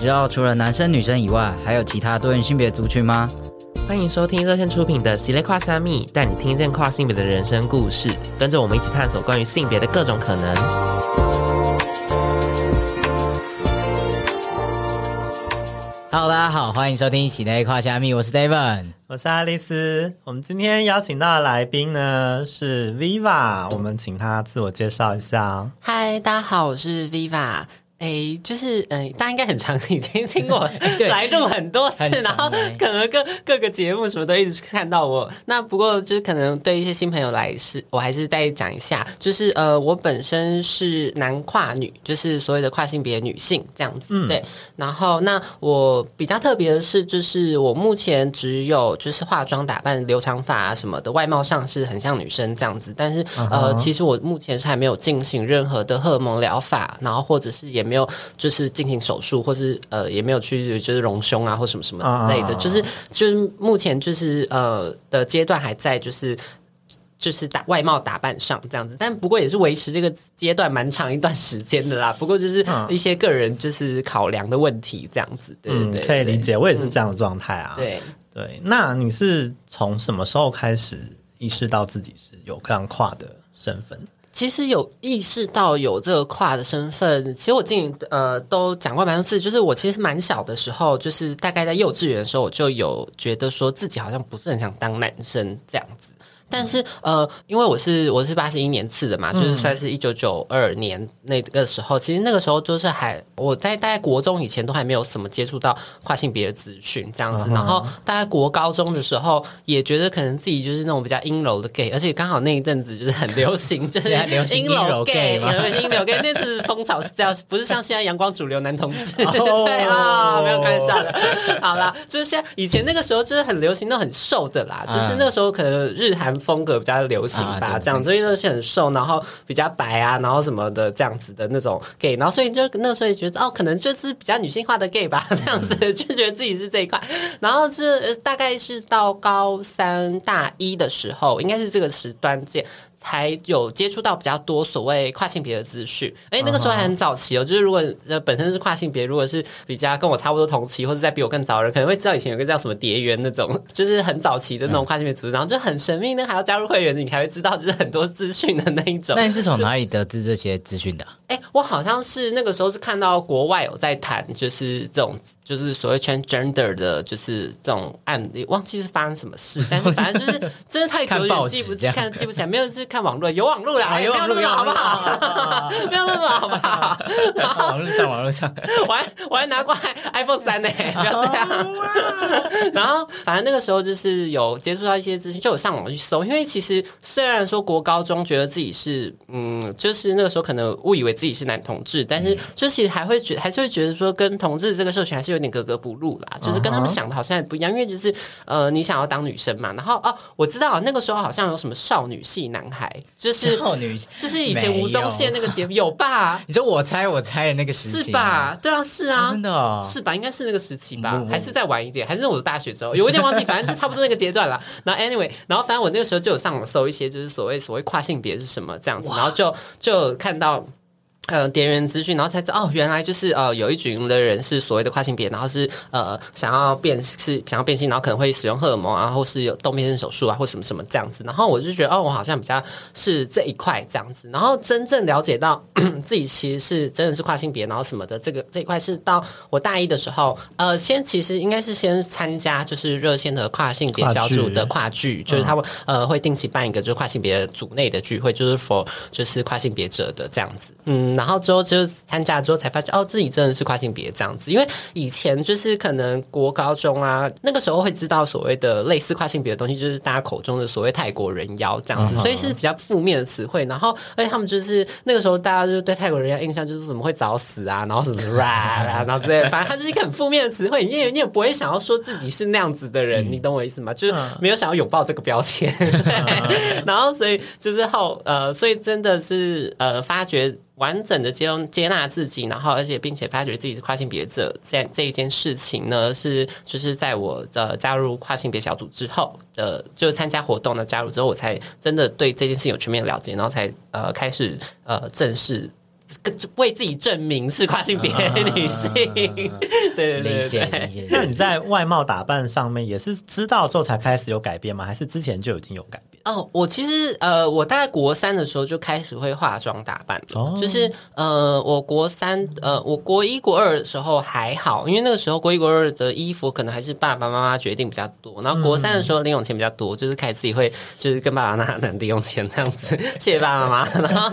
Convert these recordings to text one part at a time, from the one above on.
你知道除了男生女生以外，還有其他多元性別族群嗎？歡迎收聽熱線出品的《喜來跨蝦米》，帶你聽見跨性別的人生故事，跟着我們一起探索關於性別的各種可能。Hello，大家好，歡迎收聽《喜來跨蝦米》，我是 David，我是愛麗絲。我們今天邀請到的來賓呢是 Viva，我們請她自我介紹一下。Hi，大家好，我是 Viva。哎，就是嗯，大家應該很常已經聽過，來錄很多次， 欸、然後可能各各個節目什麼都一直看到我。那不過就是可能對一些新朋友來是，我還是再講一下，就是呃，我本身是男跨女，就是所謂的跨性別女性這樣子。嗯、對。然後那我比較特別的是，就是我目前只有就是化妝打扮、留長髮啊什麼的，外貌上是很像女生這樣子。但是呃，uh huh. 其實我目前是還沒有進行任何的荷爾蒙療法，然後或者是也。沒有，就是進行手術，或是呃，也沒有去就是隆胸啊，或什麼什麼之類的，啊、就是就是目前就是呃的階段還在、就是，就是就是打外貌打扮上這樣子，但不過也是維持這個階段蠻長一段時間的啦。不過就是一些個人就是考量的問題這樣子，嗯，對對對，可以理解，我也是這樣的狀態啊。嗯、對對，那你是從什麼時候開始意識到自己是有這樣跨的身份？其實有意識到有這個跨的身份，其實我進呃都講過蠻多次，就是我其實蠻小的時候，就是大概在幼稚園的時候，我就有覺得說自己好像不是很想當男生這樣子。但是呃，因為我是我是八十一年次的嘛，就是算是一九九二年那個時候。嗯、其實那個時候就是還我在大概國中以前都還沒有什麼接觸到跨性別的資訊這樣子。嗯、哼然後大概國高中的時候，也覺得可能自己就是那種比較陰柔的 gay，而且剛好那一陣子就是很流行，嗯、就是在、yeah, 流行陰柔 gay 嘛，陰、嗯、柔 gay 那次風潮是 style 不是像現在陽光主流男同志？哦、 對對對啊，沒有開玩笑的。 好了，就是像以前那個時候就是很流行、嗯、都很瘦的啦，就是那個時候可能日韓。風格比較流行吧，這樣子，所以都是很瘦，然後比較白啊，然後什麼的這樣子的那種 gay，然後所以就那時候也覺得哦，可能就是比較女性化的 gay 吧，這樣子就覺得自己是這一塊，然後是大概是到高三大一的時候，應該是這個時段見。還有接觸到比較多所謂跨性別的資訊，哎，那個時候還很早期哦、喔。就是如果呃本身是跨性別，如果是比較跟我差不多同期，或者在比我更早的人，可能會知道以前有個叫什麼蝶園那種，就是很早期的那種跨性別組織，然後就很神秘，那還要加入會員，你才會知道就是很多資訊的那一種。嗯、就是 那你是從哪裡得知這些資訊的？哎、欸，我好像是那個時候是看到國外有在談，就是這種，就是所謂 transgender 的，就是這種案例，忘記是發生什麼事，但是反正就是真的太久，記不記，看，看記不起來，沒有，就是看網絡，有網絡啦、欸，有網絡啦，好不好？沒有那麼好，好不好？然後網絡上，網絡上，我還我還拿過 iPhone 三呢、欸，不要這樣。Oh, wow 然後，反正那個時候就是有接觸到一些資訊，就有上網去搜，因為其實雖然說國高中覺得自己是，嗯，就是那個時候可能誤以為。自己是男同志，但是就其實還會覺還是會覺得說跟同志這個社群還是有點格格不入啦，嗯、哼就是跟他們想的好像也不一樣，因為就是呃，你想要當女生嘛，然後哦、啊，我知道那個時候好像有什麼少女系男孩，就是少女，就是以前吳有宗憲那個節目有吧、啊？你說我猜我猜的那個時期是吧？對啊，是啊，哦、是吧？應該是那個時期吧，還是再晚一點？還是我的大學之後？有一點忘記， 反正就差不多那個階段了。然後 anyway，然後反正我那個時候就有上網搜一些，就是所謂所謂跨性別是什麼這樣子，哇然後就就看到。呃，點員資訊，然後才知道哦，原來就是呃，有一群的人是所謂的跨性別，然後是呃，想要變是想要變性，然後可能會使用荷爾蒙啊，然後是有動變性手術啊，或什麼什麼這樣子。然後我就覺得哦，我好像比較是這一塊這樣子。然後真正了解到自己其實是真的是跨性別，然後什麼的這個這一塊是到我大一的時候，呃，先其實應該是先參加就是熱線的跨性別小組的跨聚，跨聚就是他們呃會定期辦一個就是跨性別組內的聚會，就是 for 就是跨性別者的這樣子，嗯。然後之後就參加之後才發現哦，自己真的是跨性別這樣子。因為以前就是可能國高中啊那個時候會知道所謂的類似跨性別的東西，就是大家口中的所謂泰國人妖這樣子，Uh huh. 所以是比較負面的詞彙。然後而且他們就是那個時候大家就是對泰國人妖印象就是怎麼會早死啊，然後什麼啦啦，然後之類的，反正他就是一個很負面的詞彙。因為你也不會想要說自己是那樣子的人，你懂我意思嗎？就是沒有想要擁抱這個標籤。Uh huh. 然後所以就是後呃，所以真的是呃發覺。完整的接接納自己，然後而且並且發覺自己是跨性別者，在這一件事情呢，是就是在我的加入跨性別小組之後的，就是參加活動的加入之後我才真的對這件事有全面了解，然後才呃開始呃正式跟為自己證明是跨性別女性。對對、啊、 對。那你在外貌打扮上面也是知道之後才開始有改變嗎？還是之前就已經有改變？哦，我其實呃，我大概國三的時候就開始會化妝打扮，哦、就是呃，我國三呃，我國一國二的時候還好，因為那個時候國一國二的衣服可能還是爸爸媽媽決定比較多，然後國三的時候零用錢比較多，嗯、就是開始自己會就是跟爸爸媽媽零用錢這樣子 謝謝爸爸媽媽， 然後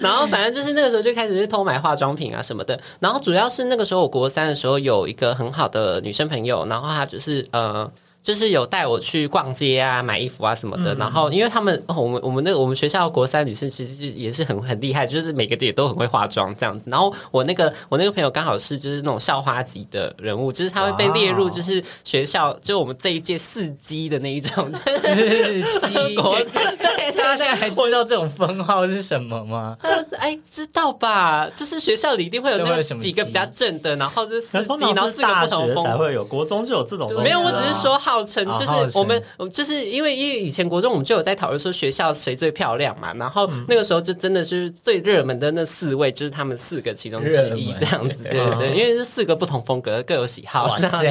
然後反正就是那個時候就開始去偷買化妝品啊什麼的，然後主要是那個時候我國三的時候有一個很好的女生朋友，然後她就是呃。就是有帶我去逛街啊，買衣服啊什麼的。然後，因為他們，我們我們那個我們學校國三女生其實也是很很厲害，就是每個也都很會化妝這樣子。然後我那個我那個朋友剛好是就是那種校花級的人物，就是她會被列入就是學校，就我們這一屆四級的那一種四級國三。現在還知道這種封號是什麼嗎？哎，知道吧？就是學校裡一定會有那幾個比較正的，然後就是四級，然後四個不同才會有。國中就有這種，沒有，我只是說好。號稱就是我們就是因為因為以前國中我們就有在討論說學校誰最漂亮嘛，然後那個時候就真的是最熱門的那四位就是他們四個其中之一這樣子，對對，對，對因為是四個不同風格各有喜好。哇塞，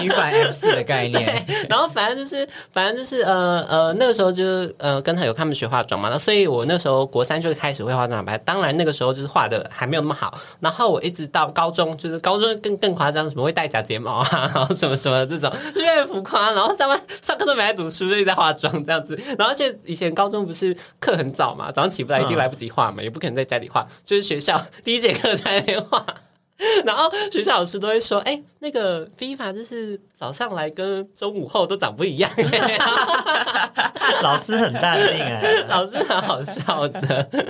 女版 F4 的概念。然後反正就是反正就是呃呃那個時候就是呃跟他有他們學化妝嘛，所以，我那時候國三就開始會化妝嘛。當然那個時候就是畫的還沒有那麼好，然後我一直到高中就是高中更更誇張，什麼會戴假睫毛啊，然後什麼什麼的這種，因為。浮誇，然後上班上課都沒在讀書，就在化妝這樣子。然後現在以前高中不是課很早嘛，早上起不來一定來不及化嘛，也不可能在家裡化，就是學校第一節課在那邊化 然後學校老師都會說：“哎、欸，那個 V 法，就是早上來跟中午後都長不一樣、欸。 ” 老師很淡定哎、欸， 老師很好笑的，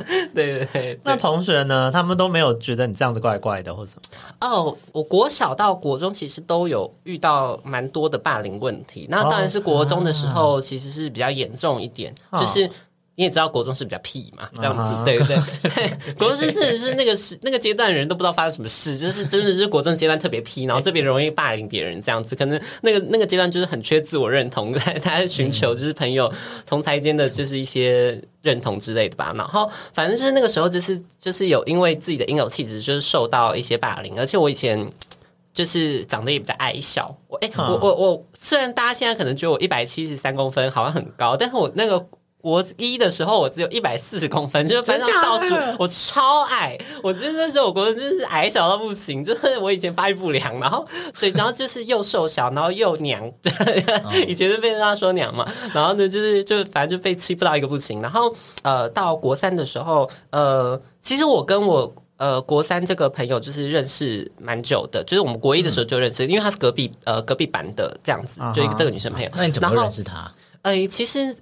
對，對對對。那同學呢？他們都沒有覺得你這樣子怪怪的或什哦，oh, 我國小到國中其實都有遇到蠻多的霸凌問題。Oh. 那當然是國中的時候其實是比較嚴重一點，oh. 就是。你也知道國中是比較屁嘛，這樣子、uh huh. 對不對，對？ 國中真的是那個是 那個階段，人都不知道發生什麼事，就是真的是國中階段特別屁，然後這邊容易霸凌別人這樣子。可能那個那個階段就是很缺自我認同，來尋求就是朋友、uh huh. 同儕間的就是一些認同之類的吧。然後反正就是那個時候，就是就是有因為自己的陰柔氣質就是受到一些霸凌，而且我以前就是長得也比較矮小。我誒、欸，我我我雖然大家現在可能覺得我一百七十三公分好像很高，但是我那個。我一的時候，我只有一百四十公分，就是、反正倒數，我超矮。我那時候，我國人真是矮小到不行，就是我以前發育不良，然後對，然後就是又瘦小，然後又娘，哦、以前就被人家說娘嘛。然後呢，就是就反正就被欺負到一個不行。然後呃，到國三的時候，呃，其實我跟我呃國三這個朋友就是認識蠻久的，就是我們國一的時候就認識，嗯、因為他是隔壁呃隔壁班的這樣子，就一個這個女生朋友。那、嗯、後你怎麼認識她？呃、欸，其實。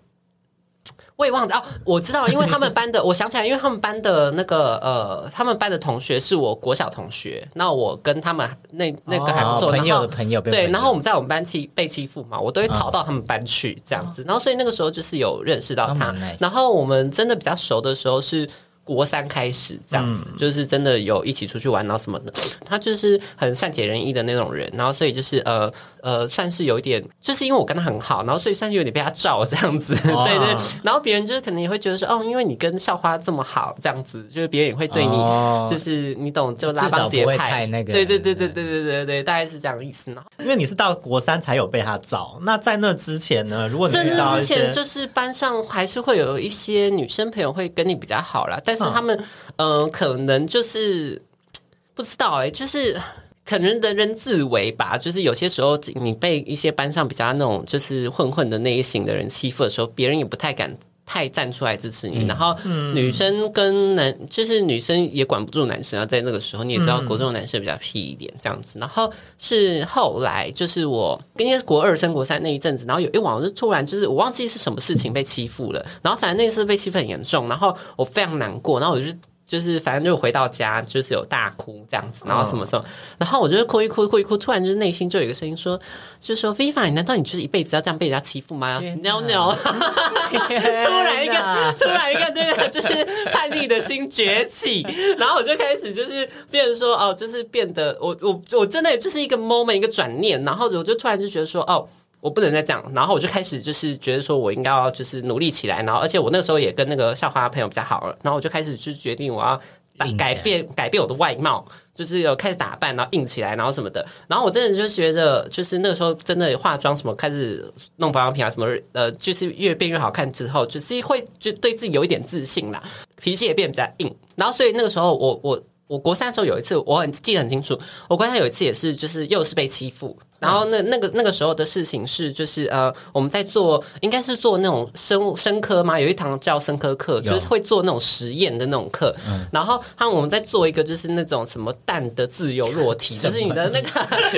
我也忘了啊、哦，我知道，因為他們班的， 我想起來，因為他們班的那個呃，他們班的同學是我國小同學，那我跟他們那那個還不錯，哦、然後朋友的朋友對，然後我們在我們班欺被欺負嘛，我都會逃到他們班去這樣子，哦、然後所以那個時候就是有認識到他，哦哦哦、然後我們真的比較熟的時候是。國三開始這樣子，嗯、就是真的有一起出去玩然後什麼的，他就是很善解人意的那種人，然後所以就是呃呃，算是有一點，就是因為我跟他很好，然後所以算是有點被他罩這樣子，哇 對對，然後別人就是可能也會覺得說，哦，因為你跟校花這麼好，這樣子，就是別人也會對你，哦、就是你懂就拉幫結派那個，對對對對對對對，對，對,對,對，大概是這樣的意思呢。因為你是到國三才有被他罩，那在那之前呢，如果在那之前就是班上還是會有一些女生朋友會跟你比較好啦，但。但是他們，嗯，可能就是不知道哎、欸，就是可能人人自危吧。就是有些時候你被一些班上比較那種就是混混的那一型的人欺負的時候，別人也不太敢，太站出來支持你，然後女生跟男，嗯嗯、就是女生也管不住男生啊，在那個時候你也知道，國中的男生比較痞一點這樣子。然後是後來，就是我應該是國二升國三那一陣子，然後有一晚我就突然就是我忘記是什麼事情被欺負了，然後反正那次被欺負很嚴重，然後我非常難過，然後我就。就是反正就回到家，就是有大哭這樣子，然後什麼時候，然後我就哭一哭一哭一哭，突然就是內心就有一個聲音說，就說 Viva 你難道你就是一輩子要這樣被人家欺負嗎的、啊、？No No，天、啊、 突然一個突然一個對，就是叛逆的心崛起，然後我就開始就是變得說哦，就是變得我我我真的就是一個 moment 一個轉念，然後我就突然就覺得說哦。我不能再這樣，然後我就開始就是覺得說，我應該要就是努力起來，然後而且我那個時候也跟那個校花的朋友比較好了，然後我就開始就決定我要改變改變我的外貌，就是有開始打扮，然後硬起來，然後什麼的。然後我真的就覺得，就是那個時候真的化妝什麼，開始弄化妝品啊什麼，呃，就是越變越好看之後，就是會就對自己有一點自信啦，脾氣也變比較硬。然後所以那個時候我，我我我國三的時候有一次，我很記得很清楚，我國三有一次也是就是又是被欺負。然後那那個那個時候的事情是就是呃我們在做應該是做那種生物生科嗎？有一堂叫生科課，有就是會做那種實驗的那種課。嗯、然後他們我們在做一個就是那種什麼蛋的自由落體，嗯、就是你的那個，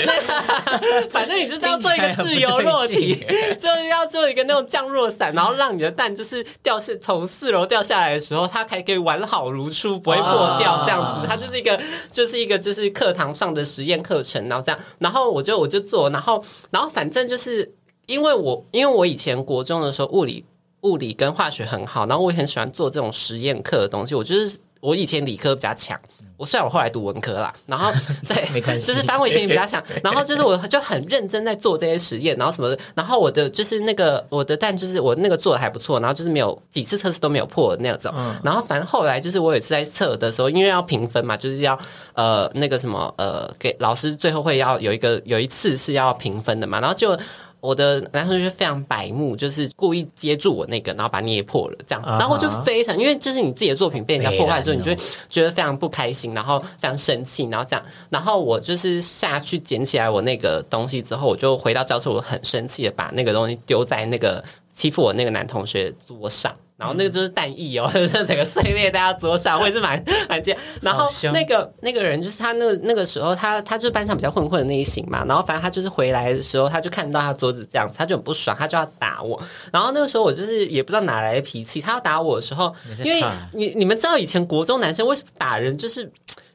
反正你就是要做一個自由落體，就是要做一個那種降落傘，然後讓你的蛋就是掉是從四樓掉下來的時候，它還可以完好如初，不會破掉，啊、這樣子。它就是一個就是一個就是課堂上的實驗課程，然後這樣，然後我就我就做。然後，然後反正就是因為我因為我以前國中的時候物理物理跟化學很好，然後我也很喜歡做這種實驗課的東西。我就是我以前理科比較強。我雖然我後來讀文科了，然後對，沒關係，就是單位建議比較強。然後就是我就很認真在做這些實驗，然後什麼，然後我的就是那個我的蛋，就是我那個做的還不錯，然後就是沒有幾次測試都沒有破那樣子。嗯、然後反正後來就是我有一次在測的時候，因為要評分嘛，就是要呃那個什麼呃給老師最後會要有一個有一次是要評分的嘛，然後就。我的男同學非常白目，就是故意接住我那個，然後把他捏破了，這樣子，uh huh. 然後就非常，因為這是你自己的作品被人家破壞的時候，你、uh huh. 就覺得非常不開心，然後非常生氣，然後這樣，然後我就是下去撿起來我那個東西之後，我就回到教室，我很生氣的把那個東西丟在那個欺負我那個男同學桌上。然後那個就是蛋液哦，嗯、就是整個碎裂在他桌上，會是蠻 蠻賤。然後那個凶那個人就是他、那個，那那個時候他他就是班上比較混混的那一型嘛。然後反正他就是回來的時候，他就看到他桌子這樣子，他就很不爽，他就要打我。然後那個時候我就是也不知道哪來的脾氣，他要打我的時候，因為你你們知道以前國中男生為什麼打人就是。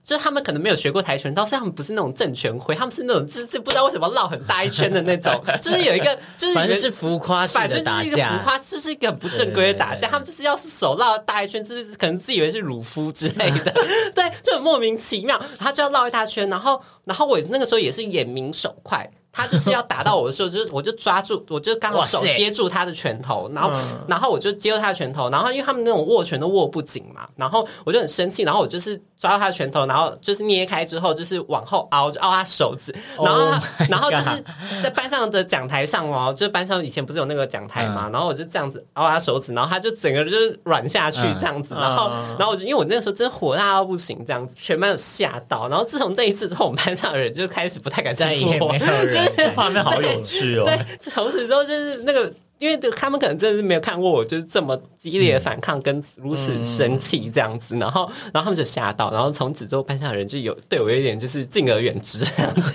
就是他們可能沒有學過跆拳道，雖然他們不是那種正拳揮，他們是那種自自不知道為什麼繞很大一圈的那種， 就是有一個就是反正是浮誇，反正就是一個浮誇，就是一個不正規的打架，對對對對，他們就是要是手繞大一圈，就是可能自以為是魯夫之類的。 對，就很莫名其妙，他就要繞一大圈，然後然後我那個時候也是眼明手快。 他就是要打到我的時候，就是我就抓住，我就剛好手接住他的拳頭，然後然後我就接住他的拳頭，然後因為他們那種握拳都握不緊嘛，然後我就很生氣，然後我就是抓到他的拳頭，然後就是捏開之後就是往後凹，就凹他手指，然後然後就是在班上的講台上哦，就是班上以前不是有那個講台嘛，然後我就這樣子凹他手指，然後他就整個就是軟下去這樣子，然後然後我就因為我那個時候真的火大到不行，這樣子，全班有嚇到，然後自從那一次之後，我們班上的人就開始不太敢再惹我，就是。畫 面好有趣哦，對！對，從此之後就是那個，因為他們可能真的是沒有看過我，就是這麼激烈的反抗跟如此生氣這樣子，嗯、然後然後他們就嚇到，然後從此之後班上的人就有對我有點就是敬而遠之這樣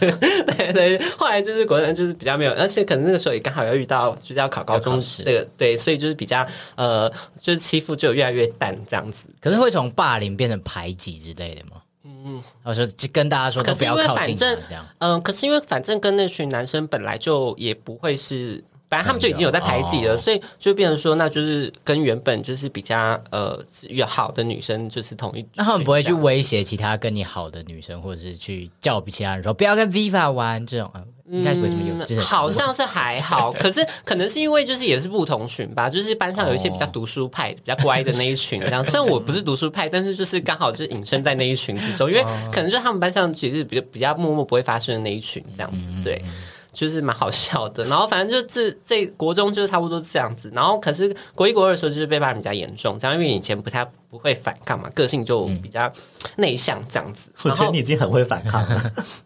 對對，後來就是果然就是比較沒有，而且可能那個時候也剛好要遇到，就是要考高中時、這個，個、嗯嗯、對，所以就是比較呃，就是欺負就越來越淡這樣子。可是會從霸凌變成排擠之類的嗎？嗯嗯，我說就跟大家說，可是因為反正，嗯，可是因為反正跟那群男生本來就也不會是，本來他們就已經有在排擠了，哦、所以就變成說，那就是跟原本就是比較呃有好的女生就是同一。那他們不會去威脅其他跟你好的女生，或者是去叫其他人說不要跟 Viva 玩這種？應該有這、嗯，好像是還好，可是可能是因為就是也是不同群吧，就是班上有一些比較讀書派、 比較乖的那一群這樣。雖然我不是讀書派，但是就是剛好就是隱身在那一群之中，因為可能就他們班上其實比較比較默默不會發生的那一群這樣子。對，就是蠻好笑的。然後反正就是這，這國中就是差不多這樣子。然後可是國一國二的時候就是被霸凌比較嚴重，這樣因為以前不太不會反抗嘛，個性就比較內向這樣子。我覺得你已經很會反抗了。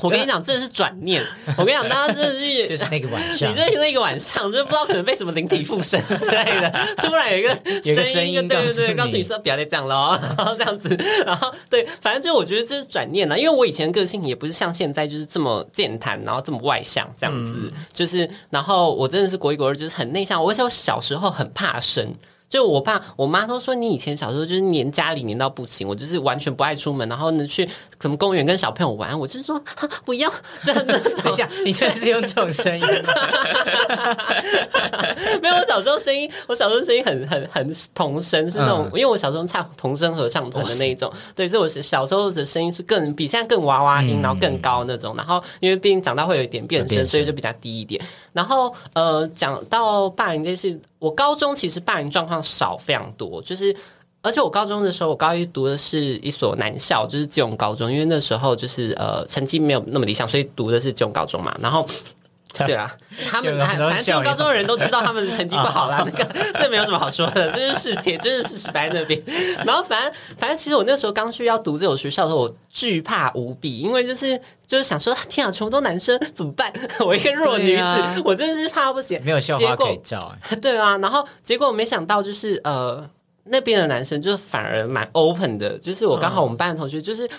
我跟你講，這是轉念。 我跟你講，大家真的是 就是那個晚上， 你就是那個晚上，就是、不知道可能被什麼靈體附身之類的。突然有一個聲音， 聲音對對對，告訴你是說不要再這樣了，然後這樣子，然後對，反正就我覺得這是轉念了。因為我以前個性也不是像現在就是這麼健談，然後這麼外向，這樣子。嗯、就是然後我真的是國一國二就是很內向，我而且我小時候很怕生，就我爸我媽都說你以前小時候就是黏家裡黏到不行，我就是完全不愛出門，然後呢去。怎麼公園跟小朋友玩？我就是說，哈，不要真的。等一下，你現在是用這種聲音嗎？ 沒有，我小時候聲音，我小時候聲音很很很童聲，是那種，嗯、因為我小時候唱童聲合唱團的那一種。塞對，所以我是小時候的聲音是更比現在更娃娃音，然後更高那種。嗯嗯，然後因為畢竟長大會有一點變聲，變所以就比較低一點。然後呃，講到霸凌這件事，我高中其實霸凌狀況少非常多，就是。而且我高中的時候，我高一讀的是一所男校，就是這種高中。因為那時候就是呃，成績沒有那麼理想，所以讀的是這種高中嘛。然後，啊對啊，他們反正這高中的人都知道他們的成績不好啦，啊、那個 這沒有什麼好說的，真是是事實，真就是事實，就是，那邊。然後反，反正反正，其實我那時候剛去要讀這種學校的時候，我懼怕無比，因為就是就是想說，天啊，全部都男生怎麼辦？我一個弱女子，啊、我真的是怕不行。沒有校花可以照，對啊。然後結果我沒想到就是呃。那邊的男生就是反而蠻 open 的，就是我剛好我們班的同學就是，哦、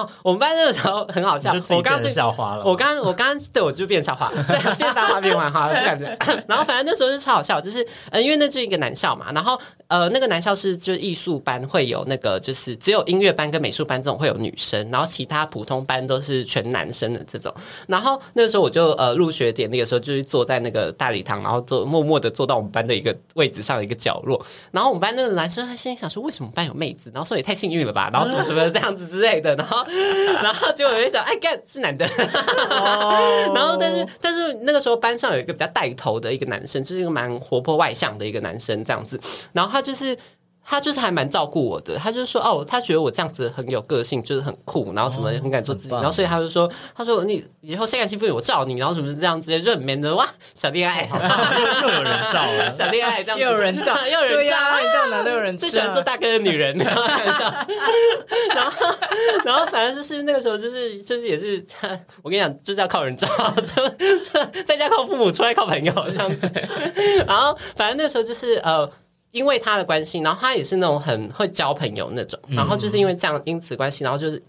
嗯啊，我們班那個時候很好笑，就笑我剛剛變笑話了，我剛我剛對我就變笑話，變大話變玩笑的感覺， 然後反正那時候就超好笑，就是，嗯，因為那就是一個男校嘛，然後。呃，那個男校是就是藝術班會有那個，就是只有音樂班跟美術班這種會有女生，然後其他普通班都是全男生的這種。然後那個時候我就呃入學典禮的時候，就是坐在那個大禮堂，然後坐默默的坐到我們班的一個位置上一個角落。然後我們班那個男生他心裡想說，為什麼班有妹子？然後說也太幸運了吧，然後什麼什麼這樣子之類的。然後然後就有人想，哎，幹，是男的。 然後但是但是那個時候班上有一個比較帶頭的一個男生，就是一個蠻活潑外向的一個男生這樣子。然後他。就是他，就是還蠻照顧我的。他就是說，哦，他覺得我這樣子很有個性，就是很酷，然後什麼很敢做自己，哦、然後所以他就說，他說你以後誰敢欺負你，我照你，然後什麼這樣子，就很 man 的哇，小戀愛，又有人照了，小戀愛這樣，又有人照，又有人照，哈哈，笑哪都有人，啊、最喜歡做大哥的女人，啊啊、然後， 然後然後反正就是那個時候，就是就是也是他，我跟你講，就是要靠人照，哈 在家靠父母，出來靠朋友，這樣子， 然後反正那時候就是呃。因為他的關係，然後他也是那種很會交朋友那種，然後就是因為這樣，因此關係，然後就是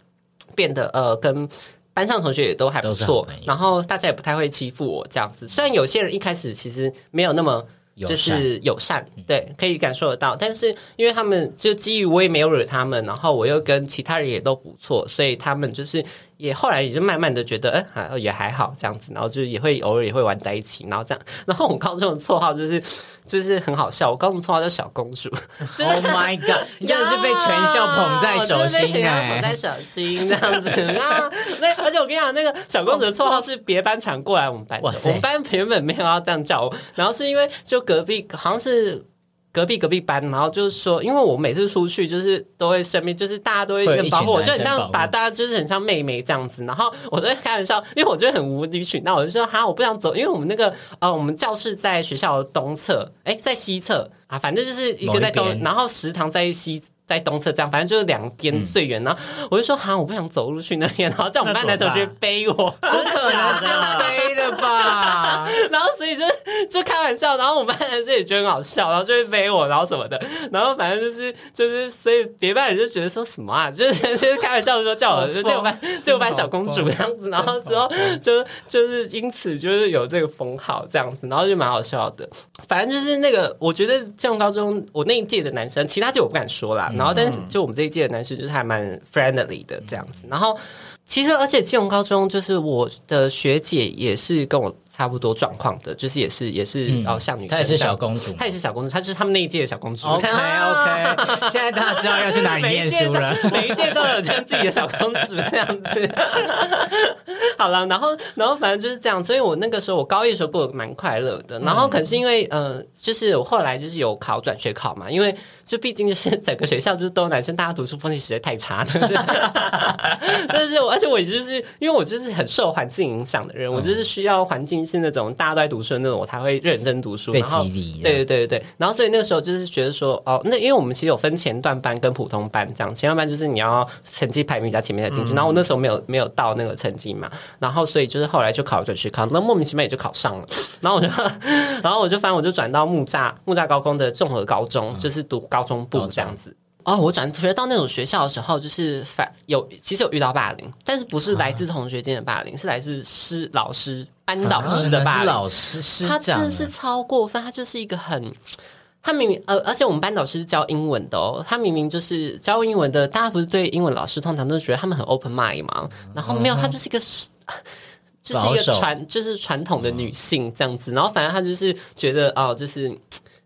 變得呃，跟班上同學也都還不錯，然後大家也不太會欺負我這樣子。雖然有些人一開始其實沒有那麼就是友善，對，可以感受得到，但是因為他們就基於我也沒有惹他們，然後我又跟其他人也都不錯，所以他們就是。也後來也就慢慢的覺得，哎、嗯，也還好這樣子，然後就是也會偶爾也會玩在一起，然後這樣，然後我高中的綽號就是，就是很好笑，我高中綽號叫小公主，Oh my god， 真的是被全校捧在手心、欸、啊，捧在手心這樣子， 然後那，而且我跟你講，那個小公主的綽號是別班傳過來我們班、oh, say. 我們班原本沒有要這樣叫我，然後是因為就隔壁好像是。隔壁隔壁班，然後就是說，因為我每次出去就是都會身邊，就是大家都會保護，對包括我就很像把大家就是很像妹妹這樣子。對然後我都會開玩笑，因為我覺得很無理取鬧，我就說哈，我不想走，因為我們那個呃，我們教室在學校的東側，哎，在西側啊，反正就是一個在東，然後食堂在西。在東側這樣，反正就是兩邊最遠，然後我就說好，我不想走路去那邊。然後叫我們班男生就背我，不可能是背的吧？ 然後所以就就開玩笑，然後我們班男生也覺得很好笑，然後就會背我，然後什麼的。然後反正就是就是，所以別班人就覺得說什麼啊，就是先、就是、開玩笑的時候叫我風就六班六班小公主這樣子。然後之後就、就是、就是因此就是有這個封號這樣子，然後就蠻好笑的。反正就是那個，我覺得基隆高中我那一屆的男生，其他屆我不敢說啦。嗯然後，但是就我們這一屆的男生就是還蠻 friendly 的這樣子。然後，其實而且金融高中就是我的學姐也是跟我。差不多狀況的，就是也是也是，嗯、哦，像你，她也是小公主，她也是小公主，她就是他們那一屆的小公主。OK OK， 現在大家知道要去哪裡念書了， 每一屆都有像自己的小公主這樣子。 好了，然後然後反正就是這樣，所以我那個時候我高一的時候過得蠻快樂的。然後可能是因為、嗯、呃，就是我後來就是有考轉學考嘛，因為就畢竟就是整個學校就是都有男生，大家讀書風氣實在太差，就是，但是我而且我就是因為我就是很受環境影響的人，我就是需要環境。是那種大家都在讀書的那種，我才會認真讀書。被激勵。對對對對對，然後所以那個時候就是覺得說，哦，那因為我們其實有分前段班跟普通班這樣，前段班就是你要成績排名在前面才進去。嗯、然後我那時候沒有沒有到那個成績嘛，然後所以就是後來就考就去考，那莫名其妙也就考上了。然後我就， 然後我就反正我就轉到木柵木柵高中的綜合高中，就是讀高中部這樣子。哦，我轉學到那種學校的時候，就是反有其實有遇到霸凌，但是不是來自同學間的霸凌，啊、是來自師老師、班導師的霸凌。啊、老師是這樣，師他真的是超過分，他就是一個很，他明明呃，而且我們班導師是教英文的哦，他明明就是教英文的，大家不是對英文老師通常都覺得他們很 open mind 嘛，然後沒有，他就是一個，嗯哼啊、就是一個傳保守就是傳統的女性這樣子，然後反正他就是覺得哦，就是。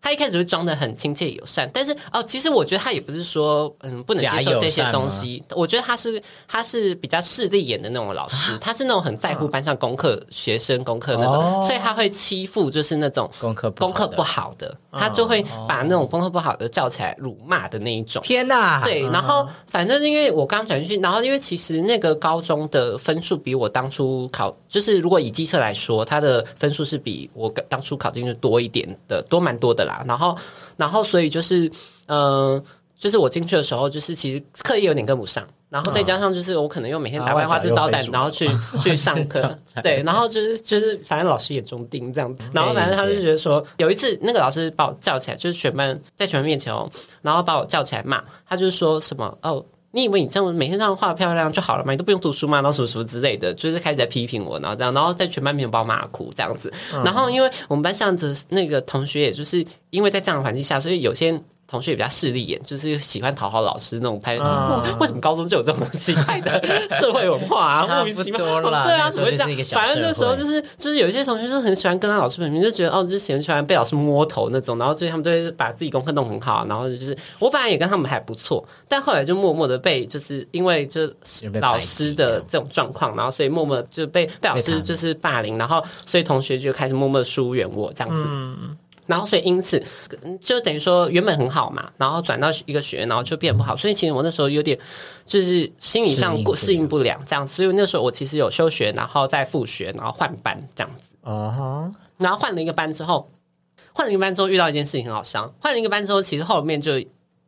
他一開始會裝的很親切友善，但是哦，其實我覺得他也不是說嗯不能接受這些東西。我覺得他是他是比較勢利眼的那種老師，啊、他是那種很在乎班上功課、啊、學生功課那種，哦、所以他會欺負就是那種功課功課不好的，好的嗯、他就會把那種功課不好的叫起來辱罵的那一種。天哪、啊，對，然後反正因為我剛轉進去，然後因為其實那個高中的分數比我當初考，就是如果以基測來說，他的分數是比我當初考進去多一點的，多蠻多的啦。然後，然後，所以就是，嗯、呃，就是我進去的時候，就是其實課業有點跟不上，啊、然後再加上就是我可能又每天打扮花枝招展，啊、然後去去上課，對，然後就是就是反正老師眼中釘這樣，然後反正他就覺得說，有一次那個老師把我叫起來，就是全班在全班面前、哦、然後把我叫起來罵，他就說什麼哦。你以為你這樣每天這樣化得漂亮就好了嗎？你都不用讀書嗎？然後什麼什麼之類的，就是開始在批評我，然後這樣，然後在全班面前把我罵哭，這樣子。然後，因為我們班上的子那個同學，也就是因為在這樣的環境下，所以有些。同學也比較勢利眼，就是喜歡討好老師那種拍。拍、哦，為什麼高中就有這種奇怪的社會文化啊？莫名其妙，對啊，什麼這樣？反正那時候就是，就是有一些同學就很喜歡跟他老師粉，嗯、們就覺得哦，就是很喜歡被老師摸頭那種。然後，所以他們就會把自己功課弄很好。然後就是，我本來也跟他們還不錯，但後來就默默的被，就是因為就老師的這種狀況，然後所以默默地就被被老師就是霸凌，然後所以同學就開始默默疏遠我這樣子。嗯然後，所以因此，就等於說原本很好嘛，然後轉到一個學，然後就變不好。嗯、所以，其實我那時候有點就是心理上適應不了這樣。所以那時候我其實有休學，然後再復學，然後換班這樣子。啊、哈。然後換了一個班之後，換了一個班之後遇到一件事情很好笑。換了一個班之後，其實後面就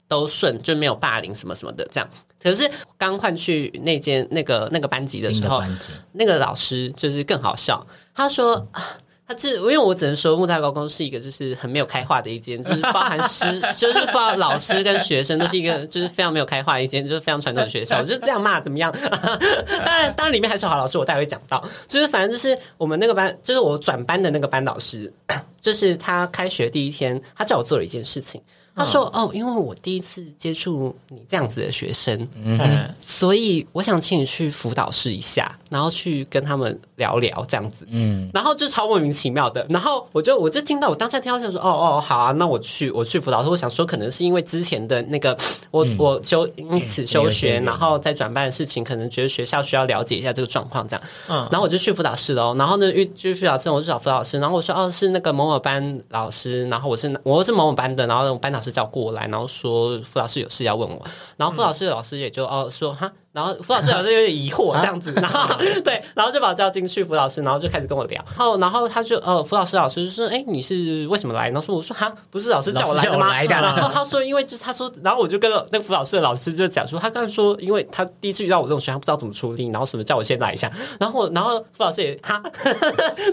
都順，就沒有霸凌什麼什麼的這樣。可是剛換去那間那個那個班級的時候，那個老師就是更好笑，他說。嗯他、就是，因為我只能說，木大高工是一個就是很沒有開化的一間，就是包含師， 就是包，老師跟學生都是一個就是非常沒有開化的一間，就是非常傳統的學校，我就是這樣罵怎麼樣？ 當然，當然裡面還是好老師，我待會講到，就是反正就是我們那個班，就是我轉班的那個班導師，就是他開學第一天，他叫我做了一件事情。他說：“哦，因為我第一次接觸你這樣子的學生，嗯。所以我想請你去輔導室一下，然後去跟他們聊聊這樣子。嗯，然後就超莫名其妙的。然後我就我就聽到我當下聽到就說：‘哦哦，好啊，那我去我去輔導室。’我想說，可能是因為之前的那個我、嗯、我休因此休學，嗯、然後在轉班的事情，可能覺得學校需要了解一下這個狀況這樣。嗯，然後我就去輔導室了、哦。然後呢，去去輔導室，我就找輔導師。然後我說：‘哦，是那個某某班老師。’然後我是我又是某某班的，然後班老師。”叫過來，然後說傅老師有事要問我，然後傅老師的老師也就、嗯、哦說哈。然後輔導老師老師有點疑惑這樣子，然後對，然後就把我叫進去，輔導老師，然後就開始跟我聊，然後然後他就呃，輔導老師老師就說，哎，你是為什麼來？然後說我說哈，不是老師叫我來的嗎？然後他說因為就他說，然後我就跟那個輔導老師的老師就講說，他剛才說，因為他第一次遇到我這種學生不知道怎麼處理，然後什麼叫我先來一下，然後然後輔導老師也哈，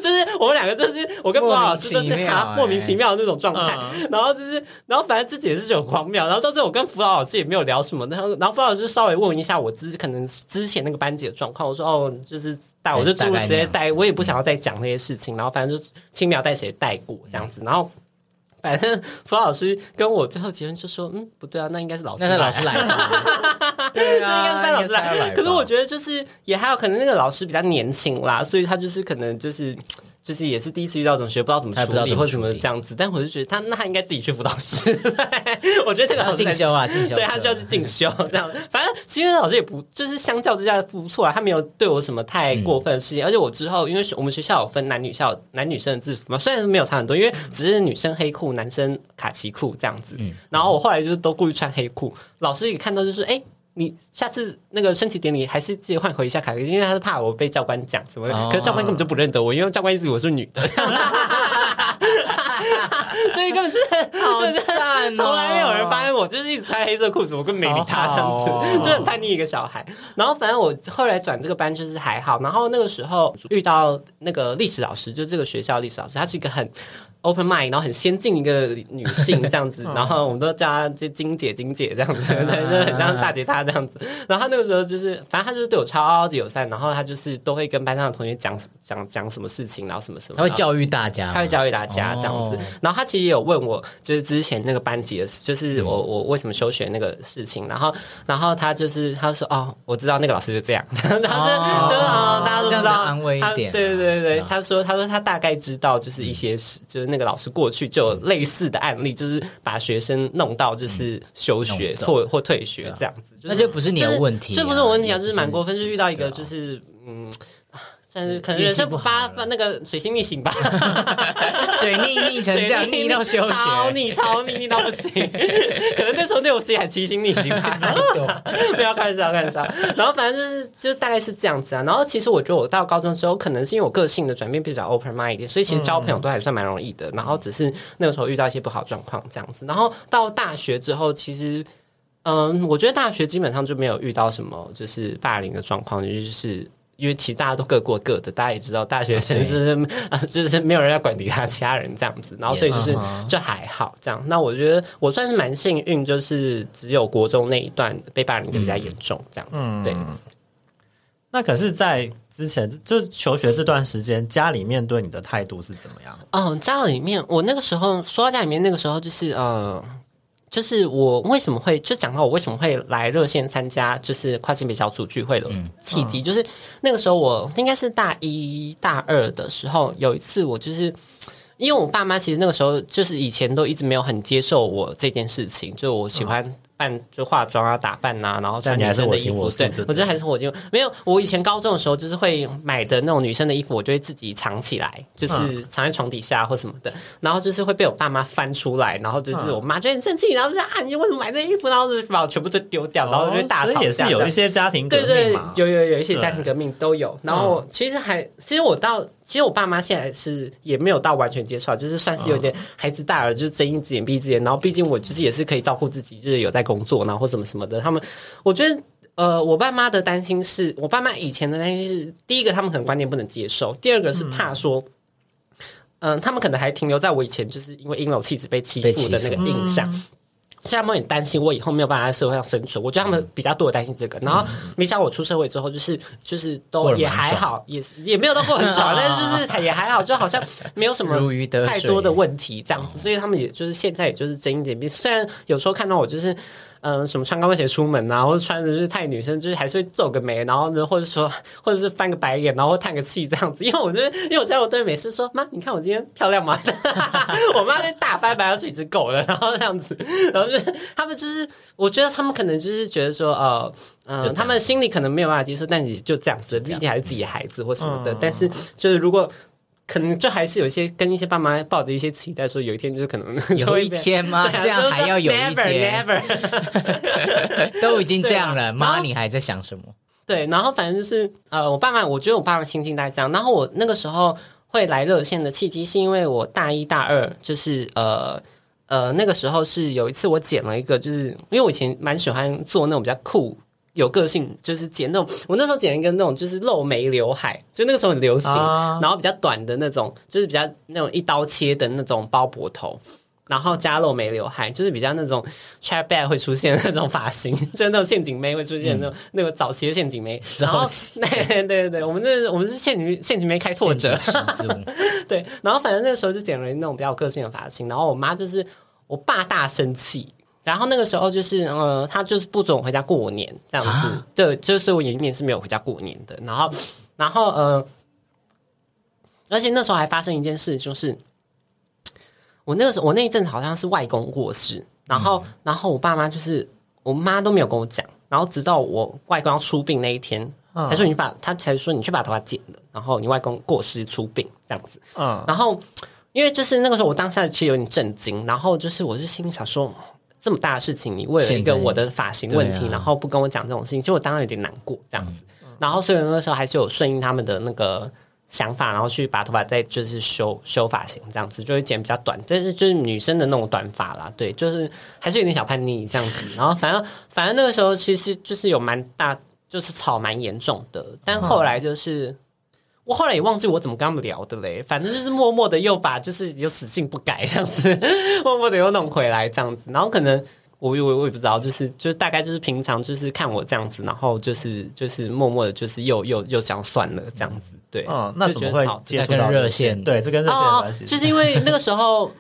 就是我們兩個就是我跟輔導老師就是哈莫名其妙的那種狀態，然後就是然後反正自己也是這種荒謬，然後到最後我跟輔導老師也沒有聊什麼，然後然後輔導老師稍微問一下我自。可能之前那個班級的狀況，我說哦，就是帶我就直接帶，我也不想要再講那些事情，嗯、然後反正就輕描淡寫帶過這樣子，然後反正傅老師跟我最後結論就說，嗯，不對啊，那應該是老師來，那是老師來了， 對、啊、就應該是班老師來。來可是我覺得就是也還有可能那個老師比較年輕啦，所以他就是可能就是。就是也是第一次遇到這種學不知道怎麼處理或者什麼這樣子，但我就覺得他那他應該自己去輔導室， 我覺得這個進修啊，啊對他需要去進修 對 這樣子。反正其實老師也不就是相較之下不,不錯啊，他沒有對我什麼太過分的事情，嗯，而且我之後因為我們學校有分男女校男女生的制服嘛，雖然沒有差很多，因為只是女生黑褲，男生卡其褲這樣子。然後我後來就是都故意穿黑褲，老師一看到就是哎。欸你下次那個升旗典禮還是自己換回一下卡，因為他是怕我被教官講什麼的。Oh. 可是教官根本就不認得我，因為教官一直以為我是女的， 所以根本就是好慘哦！根本就從來沒有人發現我，就是一直穿黑色褲子，我跟沒理他這樣子，oh. 就很叛逆一個小孩。然後反正我後來轉這個班，就是還好。然後那個時候遇到那個歷史老師，就這個學校的歷史老師，他是一個很。Open mind，然後很先進一個女性這樣子， 然後我們都叫她就金姐、金姐這樣子， 對，就很像大姐大這樣子。然後她那個時候就是，反正她就是對我超級友善，然後她就是都會跟班上的同學講講講什麼事情，然後什麼什麼。她會教育大家，她會教育大家這樣子。哦、然後她其實也有問我，就是之前那個班級的，就是我我為什麼休學那個事情。然後然後她就是她就說哦，我知道那個老師就這樣，然後就、哦、就啊、是，哦、大家都知道。安慰一點她，對對對，她說她說她大概知道就是一些事，嗯、就是。那個老師過去就有類似的案例，嗯、就是把學生弄到就是休學或或退學這樣子，嗯、那就不是你的問題，這不是我問題啊，就是蠻過分，是就是遇到一個就是、啊、嗯。但是可能是發那個水星逆行吧，水逆逆成這樣，逆到休學，超逆超逆逆到不行。可能那時候六星還七星逆行， 沒有開玩笑，開玩笑。 然後反正就是就大概是這樣子啊。然後其實我覺得我到高中之後，可能是因為我個性的轉變比較 open mind 一點，所以其實交朋友都還算蠻容易的。嗯、然後只是那個時候遇到一些不好狀況這樣子。然後到大學之後，其實嗯，我覺得大學基本上就沒有遇到什麼就是霸凌的狀況，就是。因為其實，大家都各過各的，大家也知道大學生就是啊，Okay. 就是沒有人要管其他其他人這樣子，然後所以就是 Yes. 就還好這樣。那我覺得我算是蠻幸運，就是只有國中那一段被霸凌比較嚴重這樣子。嗯嗯、對。那可是，在之前就求學這段時間，家裡面對你的態度是怎麼樣？哦，家裡面，我那個時候說到家裡面，那個時候就是呃。就是我為什麼會就講到我為什麼會來熱線參加就是跨性別小組聚會的契機，嗯啊、就是那個時候我應該是大一大二的時候，有一次我就是因為我爸媽其實那個時候就是以前都一直沒有很接受我這件事情，就我喜歡。扮就化妝啊，打扮吶、啊，然後穿女生的衣服。是我我是對，我覺得還是我就沒有，我以前高中的時候，就是會買的那種女生的衣服，我就會自己藏起來，就是藏在床底下或什麼的。嗯、然後就是會被我爸媽翻出來，然後就是我媽就很生氣，嗯、然後就說啊，你為什麼買這衣服？然後就把我全部都丟掉，然後就會大吵。哦、這也是有一些家庭革命，對對，有有有一些家庭革命都有。嗯、然後其實還，其實我到。其實我爸媽現在是也沒有到完全接受，就是算是有點孩子大了，就是睜一隻眼閉一隻眼。然後畢竟我就是也是可以照顧自己，就是有在工作，然後或什麼什麼的。他們我覺得，呃，我爸媽的擔心是，我爸媽以前的擔心是，第一個他們可能觀念不能接受，第二個是怕說，嗯，他們可能還停留在我以前就是因為陰柔氣質被欺負的那個印象。嗯。嗯所以他們很擔心我以後沒有辦法在社會上生存，我覺得他們比較多擔心這個。然後沒想到我出社會之後，就是就是都也還好，也也沒有到過很爽 但就是也還好，就好像沒有什麼太多的問題這樣子。所以他們也就是現在也就是睜一眼閉，雖然有時候看到我就是。嗯，什麼穿高跟鞋出門啊，或者穿着就是太女生，就是還是會皺個眉，然後呢，或者說或者是翻個白眼，然後嘆個氣這樣子。因為我覺得，因為我現在我對美每次說，媽，你看我今天漂亮嗎？ 我媽就大翻白眼說，你隻狗了，然後這樣子，然後就是、他們就是，我覺得他們可能就是覺得說，哦、呃，嗯，他們心裡可能沒有辦法接受，但你就這樣子，畢竟還是自己的孩子或什麼的。嗯、但是就是如果。可能這還是有一些跟一些爸媽抱着一些期待，說有一天就是可能有一天嘛， 這樣還要有一天？never， 都已經這樣了，後媽，你還在想什麼？對，然後反正就是呃，我爸媽，我覺得我爸媽心境在這樣。然後我那個時候會來熱線的契機，是因為我大一、大二就是呃呃那個時候是有一次我剪了一個，就是因為我以前蠻喜歡做那種比較酷。有個性，就是剪那種，我那時候剪一個那種，就是露眉劉海，就那個時候很流行，啊、然後比較短的那種，就是比較那種一刀切的那種鮑伯頭，然後加露眉劉海，就是比較那種 chat back 會出現那種髮型，就是那種陷阱妹會出現那種、嗯、那個早期的陷阱妹，期然後對對對，我們那是我們是陷阱陷阱妹開拓者， 對，然後反正那個時候就剪了一那種比較有個性的髮型，然後我媽就是我爸大生氣。然後那個時候就是，呃，他就是不准我回家過年這樣子，蛤對，就所以我有一年是沒有回家過年的。然後，然後，呃，而且那時候還發生一件事，就是我那個時候我那一陣子好像是外公過世，然後，嗯、然後我爸媽就是我媽都沒有跟我講，然後直到我外公要出殯那一天，嗯、才說你把他才說你去把頭髮剪了，然後你外公過世出殯這樣子。嗯，然後因為就是那個時候我當下其實有點震驚，然後就是我就心裡想說。這麼大的事情，你為了一個我的髮型問題，啊、然後不跟我講這種事情，其實我當然有點難過這樣子。嗯、然後所以那個時候還是有順應他們的那個想法，然後去把頭髮再就是修修髮型這樣子，就會剪比較短，但是就是女生的那種短髮啦，對，就是還是有點小叛逆這樣子。然後反正反正那個時候其實就是有蠻大，就是吵蠻嚴重的，但後來就是。哦我後來也忘記我怎麼跟他們聊的嘞，反正就是默默的又把就是有死性不改這樣子，默默的又弄回來這樣子，然後可能我我我也不知道，就是就是大概就是平常就是看我這樣子，然後就是就是默默的就是又又又想算了這樣子，對，哦、那怎麼會接到熱線？對，這跟熱線有關係、哦，就是因為那個時候，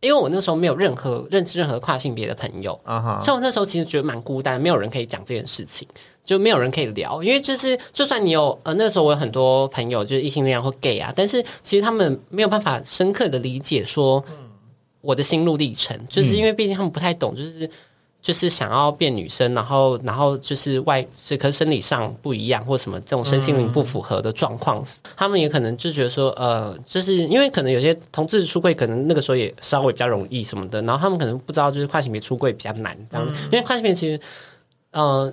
因為我那時候沒有任何認識任何跨性別的朋友，所以、哦、哈我那時候其實覺得蠻孤單，沒有人可以講這件事情。就沒有人可以聊，因為就是，就算你有呃，那時候我有很多朋友，就是異性戀或 gay 啊，但是其實他們沒有辦法深刻的理解說，我的心路歷程，嗯、就是因為畢竟他們不太懂，就是就是想要變女生，然後然後就是外，是，可是生理上不一樣或什麼這種身心靈不符合的狀況，嗯、他們也可能就覺得說，呃，就是因為可能有些同志出櫃，可能那個時候也稍微比較容易什麼的，然後他們可能不知道，就是跨性別出櫃比較難，這樣，嗯、因為跨性別其實，嗯、呃。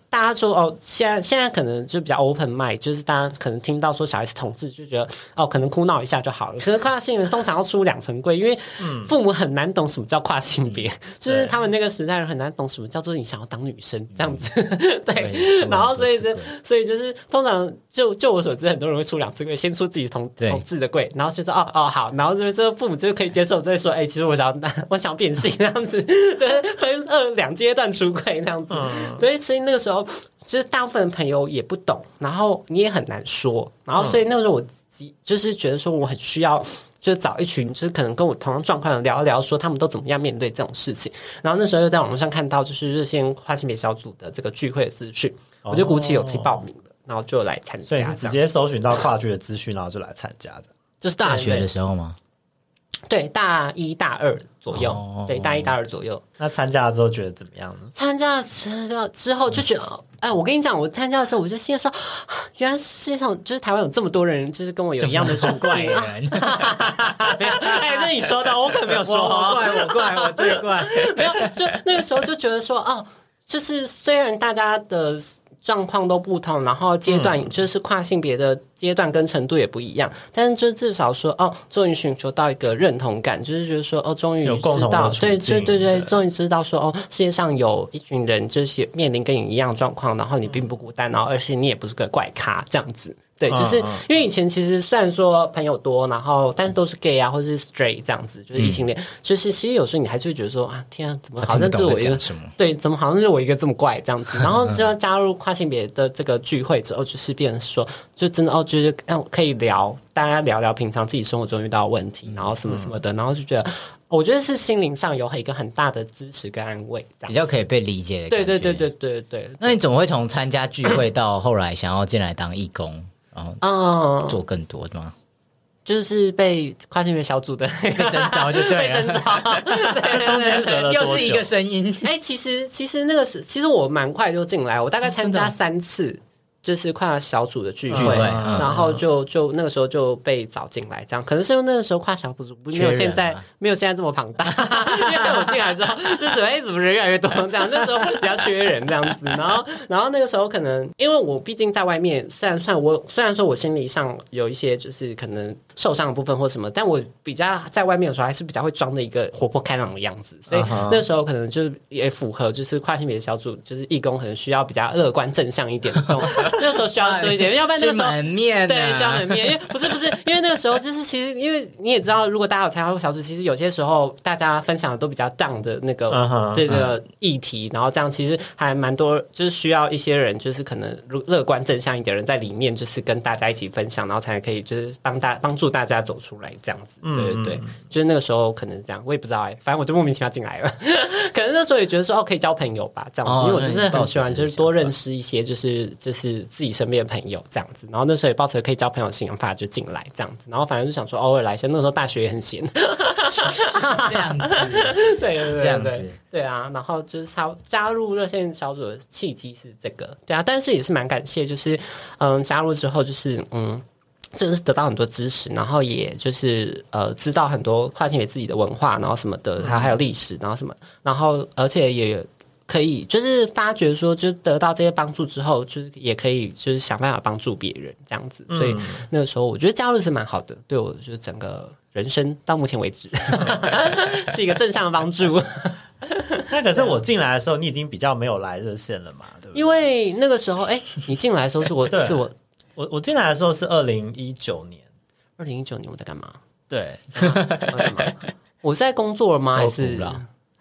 大家說哦，現在現在可能就比較 open mind，就是大家可能聽到說小孩是同志就覺得哦，可能哭鬧一下就好了。可是跨性別通常要出兩層櫃，因為父母很難懂什麼叫跨性別，嗯、就是他們那個時代人很難懂什麼叫做你想要當女生、嗯、這樣子。對，對然後所以、就是，所以就是通常就就我所知，很多人會出兩次櫃，先出自己同同志對的櫃，然後就說哦哦好，然後就是父母就可以接受，再說哎，其實我想要我想要變性這樣子， 就是分二兩階段出櫃那樣子。所以其實那個時候。其實大部分朋友也不懂，然後你也很難說，然後所以那時候我自己就是覺得說，我很需要就找一群，就是可能跟我同樣狀況的聊一聊，說他們都怎麼樣面對這種事情。然後那時候又在網絡上看到，就是熱線跨性別小組的這個聚會的資訊，我就鼓起勇氣報名了，哦、然後就來參加。直接搜尋到跨聚的資訊，然後就來參加的。就是大學的時候嗎？對大一大二左右，哦哦哦對大一大二左右哦哦。那參加了之後覺得怎麼樣呢？參加之之後就覺得，哎，我跟你講，我參加的時候，我就心裡說，原來世界上就是台灣有這麼多人，就是跟我有一樣的古怪。沒有， 哎，那你說到，我可沒有說，我，我怪我怪我最怪。 沒有，就那個時候就覺得說，哦，就是雖然大家的。狀況都不同，然後階段就是跨性別的階段跟程度也不一樣，嗯、但是就至少說哦，終於尋求到一個認同感，就是覺得說哦，終於知道，有共同感，所以對對對，對，對，對，終於知道說哦，世界上有一群人就是面臨跟你一樣狀況，然後你並不孤單，然後而且你也不是個怪咖這樣子。對，就是因為以前其實雖然說朋友多，然後但是都是 gay 啊，或者是 straight 這樣子，就是異性戀。嗯、就是其實有時候你還是會覺得說啊，天啊，怎麼好像就我一個，什麼對，怎麼好像就我一個這麼怪這樣子。然後就要加入跨性別的這個聚會之後，就是變成說，就真的哦，就是讓我可以聊，大家聊聊平常自己生活中遇到的問題，然後什麼什麼的，嗯、然後就覺得，我覺得是心靈上有一個很大的支持跟安慰，比較可以被理解。對對,對對對對對對。那你怎麼會從參加聚會到後來想要進來當義工？嗯然後做更多的嗎、哦？就是被跨性別小組的那個徵召就對了，被徵召，中對，對，對，對， 又是一個聲音。哎， 其實其實那個是，其實我蠻快就進來，我大概參加三次。就是跨小組的聚會，聚會然後就就那個時候就被找進來，這樣可能是因為那個時候跨小組沒有現在沒有現在這麼龐大， 因為我進來之後就怎麼、哎、怎麼人越來越多，這樣那時候比較缺人這樣子。然後然後那個時候可能因為我畢竟在外面，雖然算我雖然說我心理上有一些就是可能受傷的部分或什麼，但我比較在外面的時候還是比較會裝的一個活潑開朗的樣子，所以那時候可能就也符合就是跨性別的小組就是義工可能需要比較樂觀正向一點的東西 那個時候需要多一點，啊、要不然那個時候很面、啊、對需要很面，因為不是不是，因為那個時候就是其實，因為你也知道，如果大家有參加過小組，其實有些時候大家分享的都比較 down 的那個這個議題，uh huh, uh huh. 然後這樣其實還蠻多，就是需要一些人，就是可能樂觀正向一點的人在裡面，就是跟大家一起分享，然後才可以就是幫大幫助大家走出來這樣子，對對對，uh huh. 就是那個時候可能這樣，我也不知道哎、欸，反正我就莫名其妙進來了， 可能那時候也覺得說哦可以交朋友吧，這樣子。Oh, 因為我就是很喜歡就是多認識一些就是就是。自己身邊的朋友這樣子，然後那時候也抱著可以交朋友的心法就進來這樣子，然後反正就想說偶爾來一下。那時候大學也很閒，是這樣子， 對，對，對對對，這樣子，對啊。然後就是加加入熱線小組的契機是這個，對啊。但是也是蠻感謝，就是嗯，加入之後就是嗯，真、就是得到很多知識，然後也就是呃，知道很多跨性別自己的文化，然後什麼的，然後還有歷史，然後什麼，然後而且也。可以，就是發覺說，就得到這些幫助之後，就是也可以，就是想辦法幫助別人這樣子。所以、嗯、那個時候，我覺得加入是蠻好的，對我就是整個人生到目前為止、嗯、 是一個正向的幫助。嗯、 那可是我進來的時候，你已經比較沒有來熱線了嘛？對，對。因為那個時候，哎、欸，你進來的時候是我對是我我我進來的時候是二零一九年，二零一九年我在幹嘛？對、嗯，我在幹嘛？我在工作了嗎？還是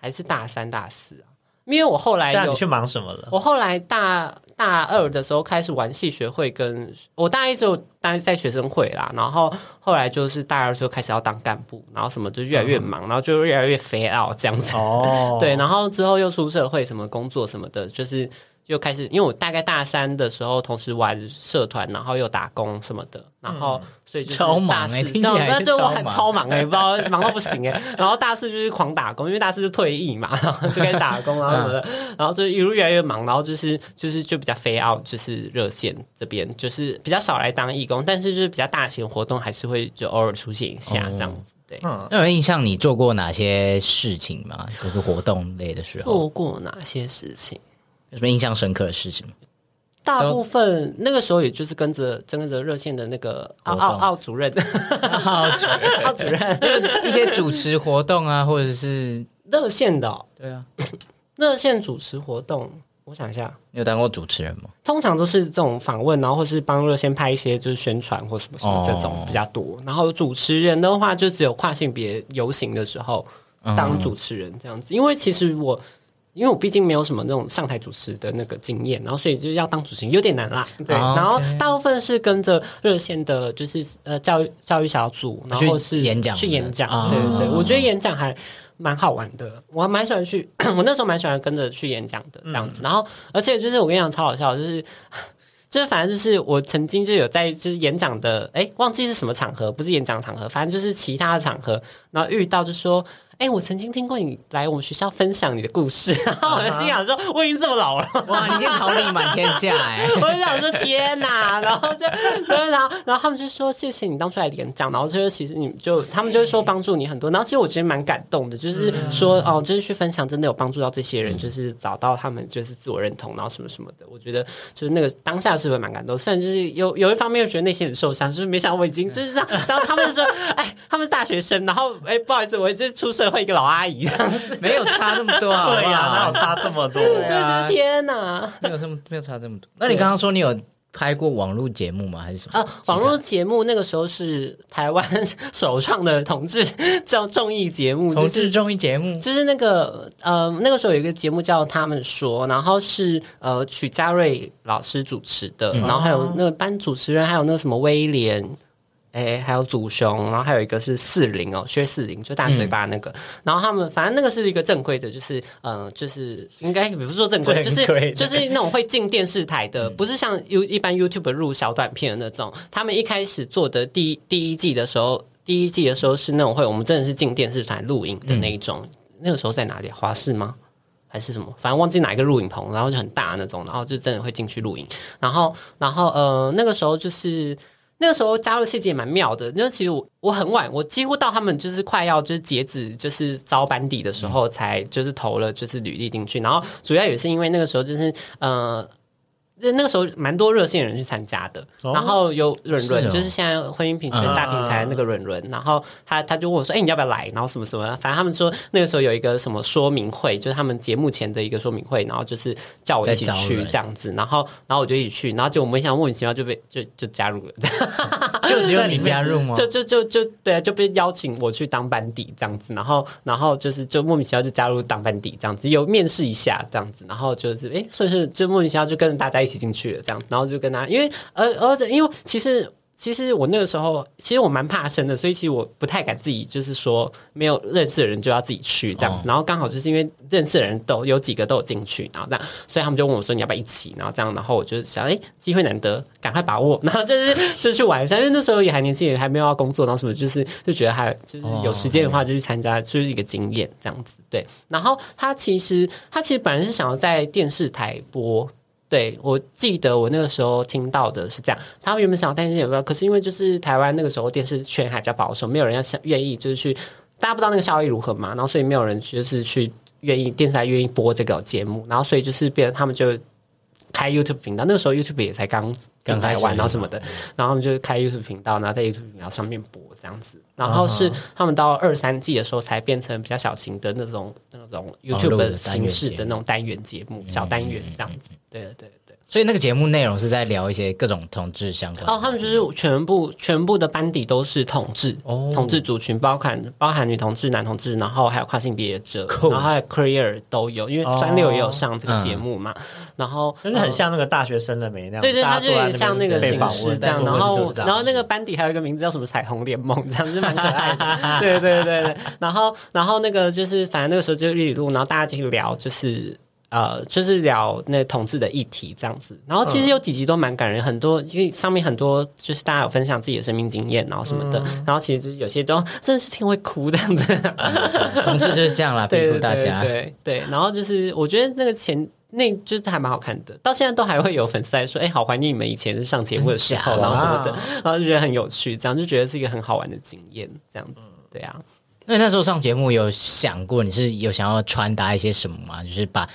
還是大三大四啊？因為我後來，那你去忙什麼了？我後來大大二的時候開始玩系學會，跟跟我大一就大一在學生會啦，然後後來就是大二就開始要當幹部，然後什麼就越來越忙，嗯、然後就越來越肥啊這樣子。哦、 對，然後之後又出社會，什麼工作什麼的，就是。又開始，因為我大概大三的時候，同時玩社團，然後又打工什麼的，然後、嗯、所以就大四，這樣、欸道，那就我很超忙哎、欸， 不知道忙到不行、欸、然後大四就是狂打工，因為大四就退役嘛，然後就開始打工，然後什麼的，然後就一路越來越忙，然後就是就是就比較 fade out，就是熱線這邊就是比較少來當義工，但是就是比較大型活動還是會就偶爾出現一下這樣子。哦、對，嗯，那有印象，你做過哪些事情嗎？就是活動類的時候，做過哪些事情？有什麼印象深刻的事情嗎？大部分那個時候，也就是跟着跟着熱線的那個奧奧奧主任，奧 主任對一些主持活動啊，或者是熱線的，哦，對啊，熱線主持活動，我想一下，你有當過主持人嗎？通常都是這種訪問，然後或是幫熱線拍一些就是宣傳或什麼什麼這種比較多。Oh. 然後主持人的話，就只有跨性別遊行的時候當主持人這樣子。Oh. 因為其實我。因為我畢竟沒有什麼那種上台主持的那個經驗，然後所以就要當主持人有點難啦。對，哦、然後大部分是跟着熱線的，就是呃教育、教育小組，然後是演講去演講，去演講。對對、哦、對，對哦、我覺得演講還蠻好玩的，我還蠻喜歡去。嗯、我那時候蠻喜歡跟着去演講的這樣子。然後，而且就是我跟你講超好笑，就是就是反正就是我曾經就有在就是演講的，哎，忘記是什麼場合，不是演講場合，反正就是其他的場合。然後遇到就說，哎，我曾經聽過你來我們學校分享你的故事，然後我的心想說，uh huh. 我已經這麼老了，哇，你已經桃李滿天下哎， 我就想說天哪，然後就然後然後他們就說謝謝你當初來演講，然後就是其實你就他們就是說幫助你很多，然後其實我覺得蠻感動的，就是說哦，就是去分享真的有幫助到這些人，就是找到他們就是自我認同，然後什麼什麼的，我覺得就是那個當下是不是蠻感動？雖然就是有有一方面又覺得內心很受傷，就是沒想到我已經就是這樣，然後他們就說，哎，他們是大學生，然後。哎、欸，不好意思，我就是出社會一個老阿姨，沒有差這麼多，對呀，哪有差這麼多我啊？天哪，沒有這麼沒有差這麼多。那你剛剛說你有拍過網絡節目嗎？還是什麼啊、呃？網絡節目那個時候是台灣首創的，同志叫綜藝節目，就是、同志綜藝節目就是那個呃，那個時候有一個節目叫《TA 們說》，然後是呃曲家瑞老師主持的，嗯、然後還有那個班主持人，還有那個什麼威廉。誒、欸，還有祖雄，然後還有一個是四零哦，薛四零，就大嘴巴那個。嗯、然後他們反正那個是一個正規的，就是嗯、呃，就是應該也不是說正規，正規的就是就是那種會進電視台的，嗯、不是像有一般 YouTube 錄小短片的那種。他們一開始做的第一第一季的時候，第一季的時候是那種會，我們真的是進電視台錄影的那一種。嗯、那個時候在哪裡？華視嗎？還是什麼？反正忘記哪一個錄影棚，然後就很大那種，然後就真的會進去錄影。然後，然後呃，那個時候就是。那個時候加入契機蠻妙的，因為其實我我很晚，我幾乎到他們就是快要就是截止就是招班底的時候，才就是投了就是履歷進去，然後主要也是因為那個時候就是呃。那那個時候蠻多熱心的人去參加的，哦、然後有潤潤，是哦、就是現在婚姻平權大平台那個潤潤，啊、然後他他就問我說：“哎、欸，你要不要來？”然後什麼什麼，反正他們說那個時候有一個什麼說明會，就是他們節目前的一個說明會，然後就是叫我一起去這樣子，然後然後我就一起去，然後結果沒想到莫名其妙就被就就加入了，哈哈哈哈就只有你加入嗎？就就就就，就，就對、啊，就被邀請我去當班底這樣子，然後然後就是就莫名其妙就加入當班底這樣子，有面試一下這樣子，然後就是哎，算、欸、是就莫名其妙就跟着大家一擠進去了，這樣，然後就跟他，因為而而且因為其實其實我那個時候，其實我蠻怕生的，所以其實我不太敢自己，就是說沒有認識的人就要自己去這樣子。然後剛好就是因為認識的人都有，有幾個都有進去，然後這樣，所以他們就問我說：“你要不要一起？”然後這樣，然後我就想：“哎、欸，機會難得，趕快把握。”然後就是就去玩一下， 因為那時候也還年輕，也還沒有要工作，然後什麼就是就覺得還就是有時間的話就去參加，就是一個經驗這樣子。對，然後他其實他其實本來是想要在電視台播。對，我記得我那個時候聽到的是這樣，他們原本想要擔心有沒有，可是因為就是台灣那個時候電視圈還比較保守，沒有人要想願意就是去，大家不知道那個效益如何嘛，然後所以沒有人就是去願意電視台願意播這個節目，然後所以就是變成他們就。開 YouTube 頻道，那個時候 YouTube 也才剛剛開始玩啊什麼的，然後他們就開 YouTube 頻道，然後在 YouTube 頻道上面播這樣子。然後是他們到二三季的時候，才變成比較小型的那種、那種 YouTube 形式的那種單元節目，小單元這樣子。對對對。所以那個節目內容是在聊一些各種同志相關哦，他們就是全部全部的班底都是同志。哦，同志族群包含包含女同志、男同志，然後還有跨性別者，然後還有 queer 都有，因為三六也有上這個節目嘛，然後就是很像那個大學生了沒那樣，對對，他就以像那個形式這樣，然後然後那個班底還有一個名字叫什麼彩虹聯盟，這樣就蠻可愛，對對對對，然後然後那個就是反正那個時候就是路路，然後大家繼續聊就是。呃，就是聊那同志的議題這樣子，然後其實有幾集都蠻感人，嗯、很多因為上面很多就是大家有分享自己的生命經驗，然後什麼的，嗯、然後其實就是有些都真的是挺會哭這樣子，同志、嗯 嗯、就,就是這樣啦，佩服對大家。對對,對,對，然後就是我覺得那個前那就是還蠻好看的，到現在都還會有粉絲來說，嗯、哎，好懷念你們以前上節目的時候，啊、然後什麼的，然後就覺得很有趣，這樣就覺得是一個很好玩的經驗，這樣子。嗯、對啊，那那時候上節目有想過你是有想要傳達一些什麼嗎？就是把。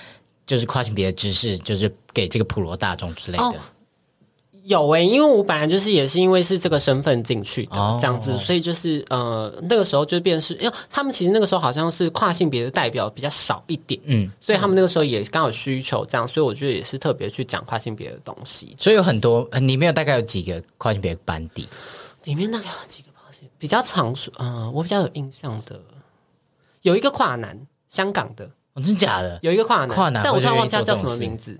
就是跨性別的知識，就是給這個普羅大眾之類的。哦、有誒、欸，因為我本來就是也是因為是這個身份進去的，這樣子，哦哦，所以就是呃那個時候就變成是因為他們其實那個時候好像是跨性別的代表比較少一點，嗯，所以他們那個時候也剛好需求這樣，所以我覺得也是特別去講跨性別的東西。所以有很多，裡面有大概有幾個跨性別的班底？裡面大概有幾個跨性班個比較常數啊？我比較有印象的有一個跨男，香港的。真的假的？有一個跨男，跨男，但我突然忘記他叫什麼名字。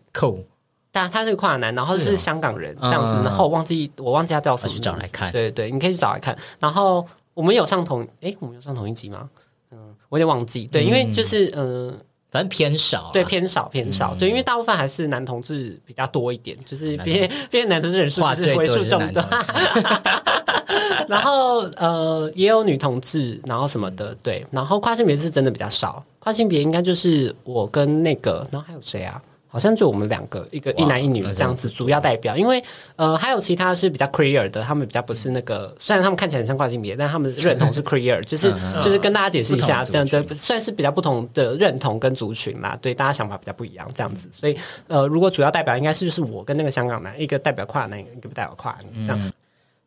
但他是跨男，然後是香港人這樣子，然後忘記我忘記他叫什麼。找來看，對對，你可以去找來看。然後我們有上同，哎，我們有上同一集嗎？嗯，我有點忘記。對，因為就是嗯，反正偏少，對偏少偏少。對，因為大部分還是男同志比較多一點，就是別別男同志人數還是為數眾多。然後呃也有女同志，然後什麼的對，然後跨性別是真的比較少，跨性別應該就是我跟那個，然後還有誰啊？好像就我們兩個，一個一男一女這樣子，這樣子主要代表。因為呃還有其他是比較 queer 的，他們比較不是那個，嗯、雖然他們看起來很像跨性別，嗯、但他們認同是 queer 就是、嗯、就是跟大家解釋一下、嗯、這樣子，算是比較不同的認同跟族群啦，對，大家想法比較不一樣這樣子，嗯、所以呃如果主要代表應該是就是我跟那個香港男，一個代表跨男，那個，一個代表跨，不代表跨這樣。嗯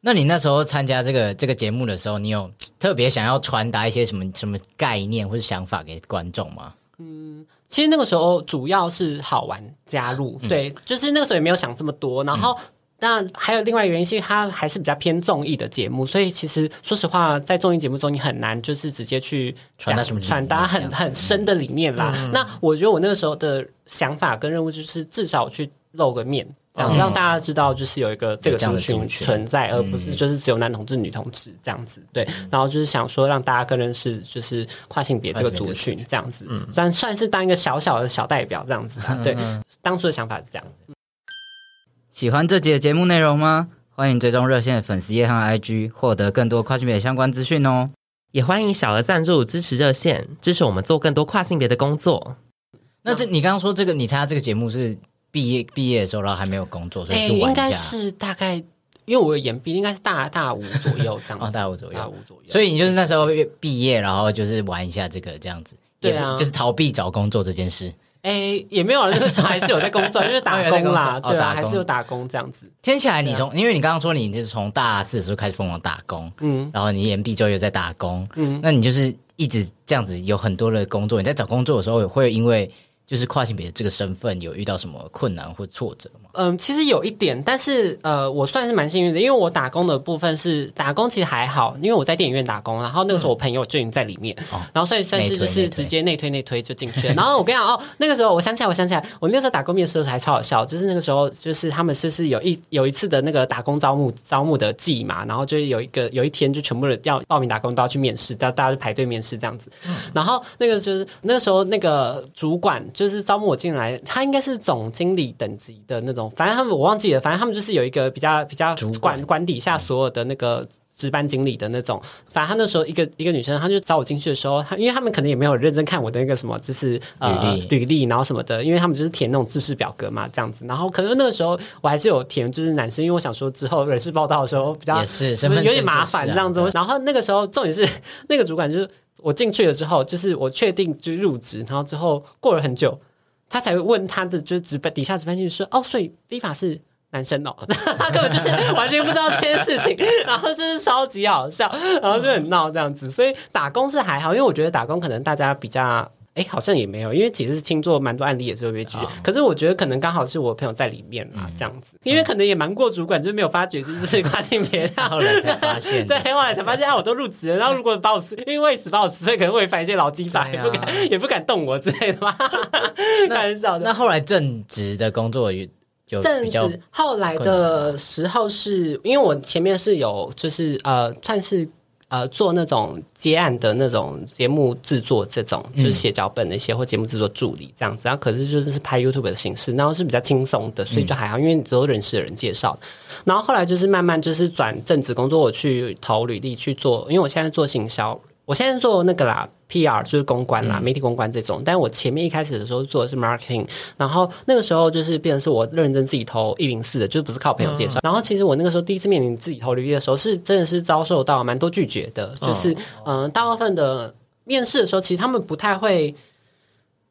那你那時候參加這個這個節目的時候，你有特別想要傳達一些什麼什麼概念，或者想法給觀眾嗎？嗯，其實那個時候主要是好玩加入，嗯、對，就是那個時候也沒有想這麼多。然後，嗯、那還有另外一個原因，是他還是比較偏綜藝的節目，所以其實說實話，在綜藝節目中，你很難就是直接去傳達什麼傳達很、嗯、很深的理念啦。嗯、那我覺得我那個時候的想法跟任務就是至少去。露個面，這樣讓大家知道，就是有一個這個族群存在，而不是就是只有男同志、女同志這樣子。對，然後就是想說讓大家更認識，就是跨性別這個族群這樣子。但算是當一個小小的小代表這樣子。對，當初的想法是這樣。喜歡這集的節目內容嗎？歡迎追蹤熱線的粉絲頁和 IG，獲得更多跨性別的相關資訊哦。也歡迎小額贊助支持熱線，支持我們做更多跨性別的工作。那這那你剛剛說這個，你參加這個節目是？畢業畢業的時候，然後還沒有工作，所以就玩一下。應該是大概，因為我有延畢，應該是大大五左右這樣子，大五左右，所以你就是那時候畢業，然後就是玩一下這個這樣子。對啊，就是逃避找工作這件事。誒，也沒有那個時候還是有在工作，就是打工啦，對，還是有打工這樣子。聽起來你從，因為你剛剛說，你就是從大四的時候開始瘋狂打工，嗯，然後你延畢之後又在打工，嗯，那你就是一直這樣子，有很多的工作。你在找工作的時候也會因為。就是跨性別這個身份，有遇到什麼困難或挫折嗎？嗯，其實有一點，但是呃，我算是蠻幸運的，因為我打工的部分是，打工其實還好，因為我在電影院打工，然後那個時候我朋友就已經在裡面，嗯哦、然後所以算是就是直接內推內推就進去了。哦、然後我跟你講 哦，那個時候我想起來，我想起來，我那時候打工面試的時候還超好笑，就是那個時候就是他們就是有一有一次的那個打工招募招募的季嘛，然後就是有一個有一天就全部人要報名打工都要去面試，到大家就排隊面試這樣子。然後那個就是那個時候那個主管就是招募我進來，他應該是總經理等級的那種。反正他們我忘記了，反正他們就是有一個比較比較管管，管底下所有的那個值班經理的那種。嗯、反正他那時候一個一個女生，她就找我進去的時候，她因為他們可能也沒有認真看我的那個什麼，就是呃履歷，履歷然後什麼的，因為他們就是填那種制式表格嘛，這樣子。然後可能那個時候我還是有填，就是男生，因為我想說之後人事報到的時候比較也是，是、啊、有點麻煩這樣子。啊、然後那個時候重點是那個主管就是我進去了之後，就是我確定就入職，然後之後過了很久。他才會問他的就是值班底下值班經理說哦，所以 Viva 是男生哦？他 根本就是完全不知道這件事情， 然後就是超級好笑，然後就很鬧這樣子，所以打工是還好，因為我覺得打工可能大家比較。哎，好像也沒有，因為其實聽說蠻多案例也是會被拒，可是我覺得可能剛好是我朋友在裡面嘛，嗯、這樣子，因為可能也瞞過主管，嗯、就是沒有發覺就是這些跨性別到了。對，後來才發現，我都入職了，然後如果把我 因為只把我辭退，可能會犯一些勞基法，不敢、啊、 也不敢動我之類的嘛。 那很少。 那後來正職的工作有，就正職後來的時候是，是因為我前面是有，就是呃算是。呃，做那種接案的那種節目製作，這種、嗯、就是寫腳本那些，或節目製作助理這樣子。然後可是就是拍 YouTube 的形式，然後是比較輕鬆的，所以就還好。因為都認識的人介紹，嗯、然後後來就是慢慢就是轉正職工作，我去投履歷去做。因為我現在做行銷。我現在做那個啦，PR 就是公關啦，嗯、媒體公關這種。但我前面一開始的時候做的是 marketing，然後那個時候就是，變成是我認真自己投一零四的，就是不是靠朋友介紹。嗯、然後其實我那個時候第一次面臨自己投履歷的時候，是真的是遭受到蠻多拒絕的，就是嗯、呃，大部分的面試的時候，其實他們不太會，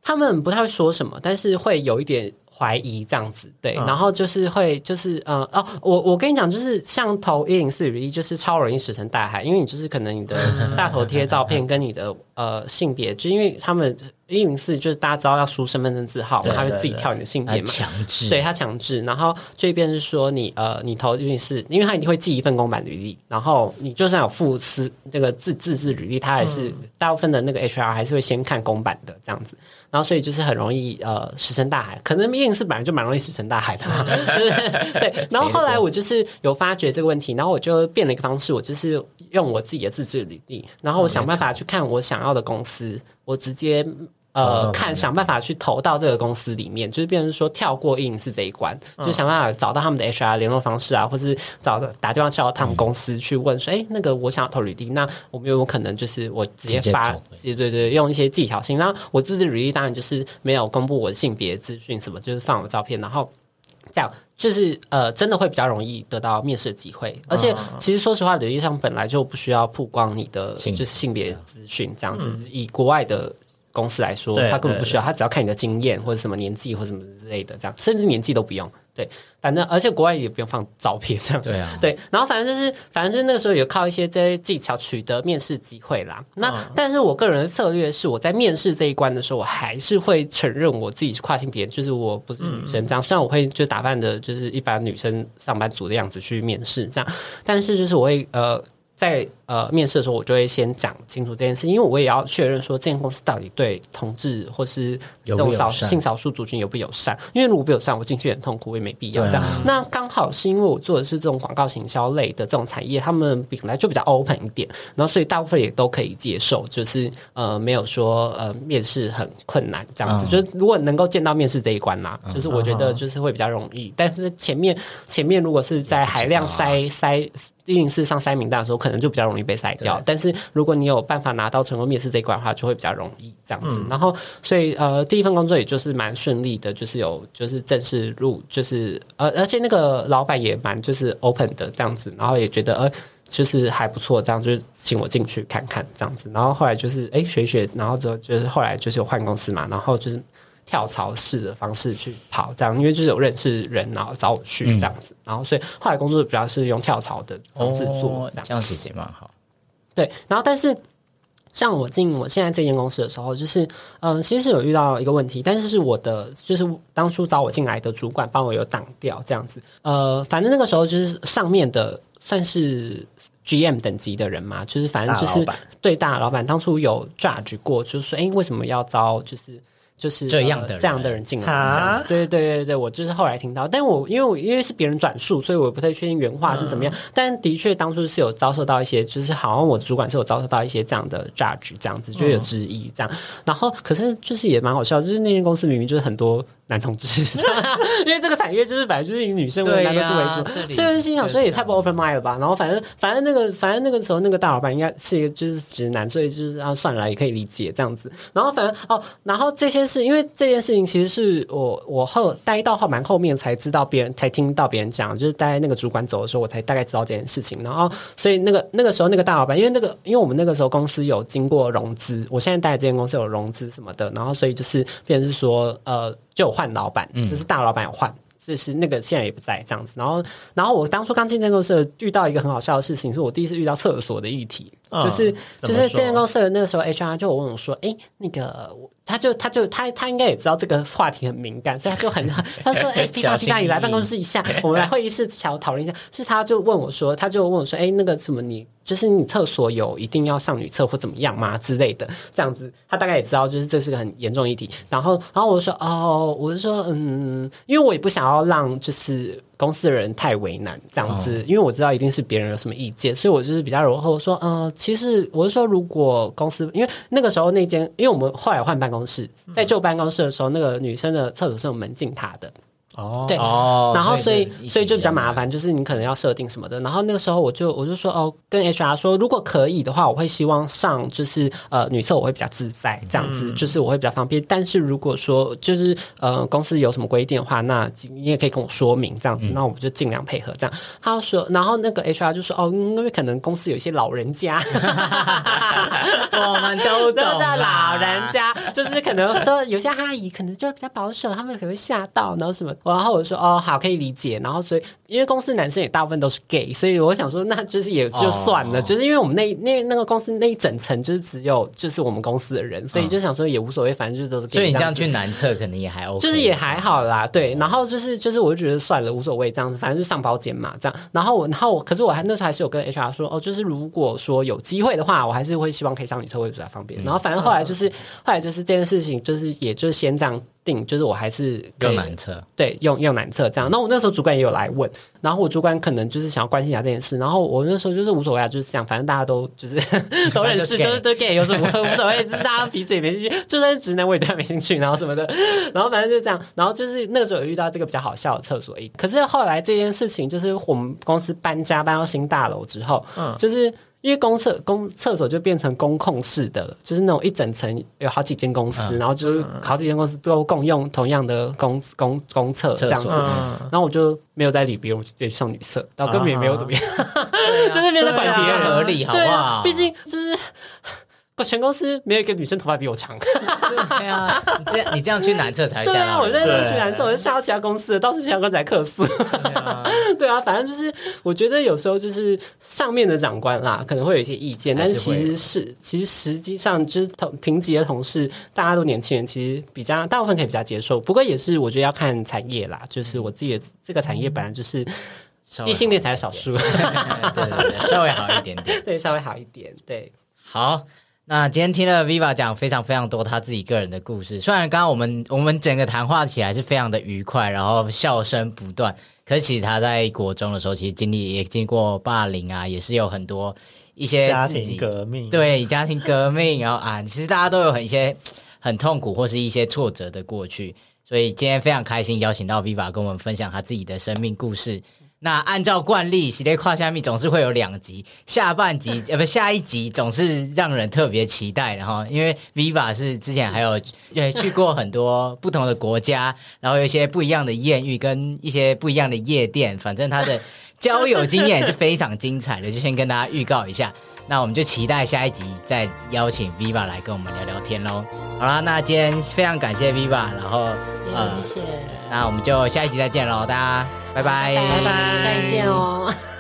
他們不太會說什麼，但是會有一點。懷疑這樣子。對，然後就是會就是呃哦、嗯啊，我我跟你講，就是像投一零四履歷，就是超容易石沉大海，因為你就是可能你的大頭貼照片跟你的呃性別，就因為他們一零四就是大家知道要輸身份證字號，他會自己跳你的性別嘛，強制。對，他強制。然後這邊是說你呃你投一零四，因為他一定會寄一份公版履歷，然後你就算有附私那個自自製履歷，他還是大部分的那個 HR 還是會先看公版的這樣子。然後，所以就是很容易呃，石沉大海。可能面試是本來就蠻容易石沉大海的嘛， 就是、對。然後後來我就是有發覺這個問題，然後我就變了一個方式，我就是用我自己的自制履歷，然後我想辦法去看我想要的公司， 我直接。呃，看想辦法去投到這個公司裡面，就是變成說跳過應試這一關，嗯、就想辦法找到他們的 HR 聯絡方式啊，或者是找打電話叫到他們公司去問說，誒、嗯欸，那個我想要投履歷，那我們有沒有可能就是我直接發，接接對對對，用一些技巧性，那我自製履歷當然就是沒有公布我的性別資訊，什麼就是放我照片，然後這樣就是呃，真的會比較容易得到面試的機會，而且其實說實話，履歷上本來就不需要曝光你的就是性別資訊，這樣子、嗯、以國外的。公司來說，對他根本不需要，對對對，他只要看你的經驗，或者什麼年紀，或者什麼之類的，這樣，甚至年紀都不用。對，反正而且國外也不用放照片這樣。對啊，對。然後反正就是，反正就是那時候有靠一些這些技巧取得面試機會啦。那、哦，但是我個人的策略是，我在面試這一關的時候，我還是會承認我自己是跨性別，就是我不是女生這樣。嗯、雖然我會就打扮的就是一般女生上班族的樣子去面試這樣，但是就是我會呃在。呃，面試的時候我就會先講清楚這件事，因為我也要確認說這間公司到底對同志或是這種少數、性少數族群有不友善。因為如果不友善，我進去很痛苦，我也沒必要這樣。啊、那剛好是因為我做的是這種廣告行銷類的這種產業，他們本來就比較 open 一點，然後所以大部分也都可以接受，就是呃沒有說呃面試很困難這樣子。嗯、就是如果能夠見到面試這一關嘛、啊，就是我覺得就是會比較容易。嗯嗯嗯嗯、但是前面前面，如果是在海量篩篩104上篩名單的時候，可能就比較容易被篩掉，對但是如果你有辦法拿到成功面試這一塊的話，就會比較容易這樣子。嗯、然後，所以呃，第一份工作也就是蠻順利的，就是有就是正式入，就是呃，而且那個老闆也蠻就是 open 的這樣子，然後也覺得呃就是還不錯，這樣就請我進去看看這樣子。然後後來就是誒，學一學，然後之後就是後來就是有換公司嘛，然後就是。跳槽式的方式去跑，這樣，因為就是有認識人，然後找我去這樣子，嗯、然後所以後來工作比較是用跳槽的方式做這、哦，這樣子行嗎？好。對，然後但是像我進我現在這間公司的時候，就是嗯、呃，其實是有遇到一個問題，但是是我的就是當初招我進來的主管幫我有擋掉這樣子。呃，反正那個時候就是上面的算是 GM 等級的人嘛，就是反正就是對大老板當初有 judge 過，就是說哎、欸，為什麼要招就是。就是這樣的、哦、這樣的人進來哈，對對對對，我就是後來聽到，但我因為我因為是別人轉述，所以我不太確定原話是怎麼樣。嗯、但的確當初是有遭受到一些，就是好像我主管是有遭受到一些這樣的 judge 這樣子，就有質疑、嗯、這樣。然後，可是就是也蠻好笑，就是那間公司明明就是很多。男同志， 因為這個產業就是本來就是以女生為大多數為主，啊、所以心想說也太不 open mind 了吧？然後反正反正那個反正那個時候那個大老闆應該是一個就是直男，所以就是啊算了，也可以理解這樣子。然後反正哦，然後這些事，因為這件事情其實是我我後待到後蠻後面才知道，別人才聽到別人講，就是待在那個主管走的時候，我才大概知道這件事情。然後所以那個那個時候那個大老板，因為那個因為我們那個時候公司有經過融資，我現在待的這間公司有融資什麼的，然後所以就是變成是說呃。就換老板，就是大老板有換，嗯、就是那個現在也不在這樣子。然後，然後我當初剛進這個公司，遇到一個很好笑的事情，是我第一次遇到廁所的議題，嗯、就是就是這家公司那個時候 HR 就我問我說：“哎、欸，那個，他就他就他他應該也知道這個話題很敏感，所以他就很 他，就很他就說，哎、欸，皮大 你來辦公室一下，我們來會議室小討論一下。” 是他就問我說，他就問我說：“哎、欸，那個什麼你？”就是你廁所有一定要上女廁或怎麼樣嗎之類的，這樣子，他大概也知道，就是這是個很嚴重的議題。然後，然後我就說哦，我就說嗯，因為我也不想要讓就是公司的人太為難這樣子，因為我知道一定是別人有什麼意見，所以我就是比較柔和，我說，嗯、呃，其實我是說如果公司，因為那個時候那間，因為我們後來換辦公室，在舊辦公室的時候，那個女生的廁所是有門禁卡的。對哦，對，然後所以所以就比較麻煩，對就是你可能要設定什麼的。然後那個時候我就我就說哦，跟 HR 說，如果可以的話，我會希望上就是呃女廁，我會比較自在這樣子，就是我會比較方便。嗯、但是如果說就是呃公司有什麼規定的話，那你也可以跟我說明這樣子，嗯、那我們就盡量配合這樣。他說，然後那個 HR 就說哦、嗯，因為可能公司有一些老人家， 我們都都是老人家，就是可能說有些阿姨可能就比較保守，他們可能會嚇到，然後什麼。然後我就說哦，好，可以理解，然後所以因為公司男生也大部分都是 gay，所以我想說那就是也就算了。哦、就是因為我們那那那個公司那一整層就是只有就是我們公司的人，嗯、所以就想說也無所謂，反正就是都是 gay。所以你這樣去男廁可能也還 O，、okay、就是也還好啦，嗯、對。然後就是就是我就覺得算了，無所謂這樣子，反正就是上包間嘛這樣。然後我然後我可是我還那時候還是有跟 HR 說哦，就是如果說有機會的話，我還是會希望可以上女廁會比較方便。嗯、然後反正後來就是、嗯後來就是、後來就是這件事情就是也就先這樣。就是我還是用男廁，對，用用男廁這樣。那我那時候主管也有來問，然後我主管可能就是想要關心一下這件事，然後我那時候就是無所謂啊，就是這樣。反正大家都就是 都認識是，都都 gay，有什麼無所謂， 就是大家彼此也沒興趣，就算是直男我也對他沒興趣，然後什麼的，然後反正就這樣，然後就是那時候有遇到這個比較好笑的廁所。可是後來這件事情，就是我們公司搬家搬到新大樓之後，嗯、就是。因為公廁、公廁所就變成公控式的，就是那種一整層有好幾間公司，嗯、然後就是好幾間公司都共用同樣的公公公廁這樣子，嗯、然後我就沒有在裡邊，我就直接上女廁，然後根本也沒有怎麼樣，啊啊、就是變得比較合理，對啊、好不好？畢竟就是。全公司沒有一個女生頭髮比我長。對啊， 你這樣你這樣去男廁才對啊！我就是去男廁，我就看到其他公司倒是其他公司來客訴。對啊， 對啊，反正就是我覺得有時候就是上面的長官啦，可能會有一些意見，但是其實是其實實際上就是同平級的同事，大家都年輕人，其實比較大部分可以比較接受。不過也是我覺得要看產業啦，就是我自己的、嗯、這個產業本來就是異性戀才少數， 對，對對對，稍微好一點點， 對，稍微好一點，對，好。那今天聽了 Viva 講非常非常多他自己個人的故事，雖然剛剛我們我們整個談話起來是非常的愉快，然後笑聲不斷。可是其實他在國中的時候，其實經歷也經過霸凌啊，也是有很多一些自己家庭革命，對家庭革命， 然後啊，其實大家都有很一些很痛苦或是一些挫折的過去。所以今天非常開心邀請到 Viva 跟我們分享他自己的生命故事。那按照慣例，系列跨，下面總是會有兩集，下半集，呃，不，下一集總是讓人特別期待的哈，因為 Viva 是之前還有也去過很多不同的國家，然後有一些不一樣的豔遇跟一些不一樣的夜店，反正他的交友經驗也是非常精彩的，就先跟大家預告一下。那我們就期待下一集再邀請 Viva 來跟我們聊聊天嘍。好啦，那今天非常感謝 Viva，然後也感、呃、謝謝，那我們就下一集再見嘍，大家拜拜，拜拜，拜拜，再見哦。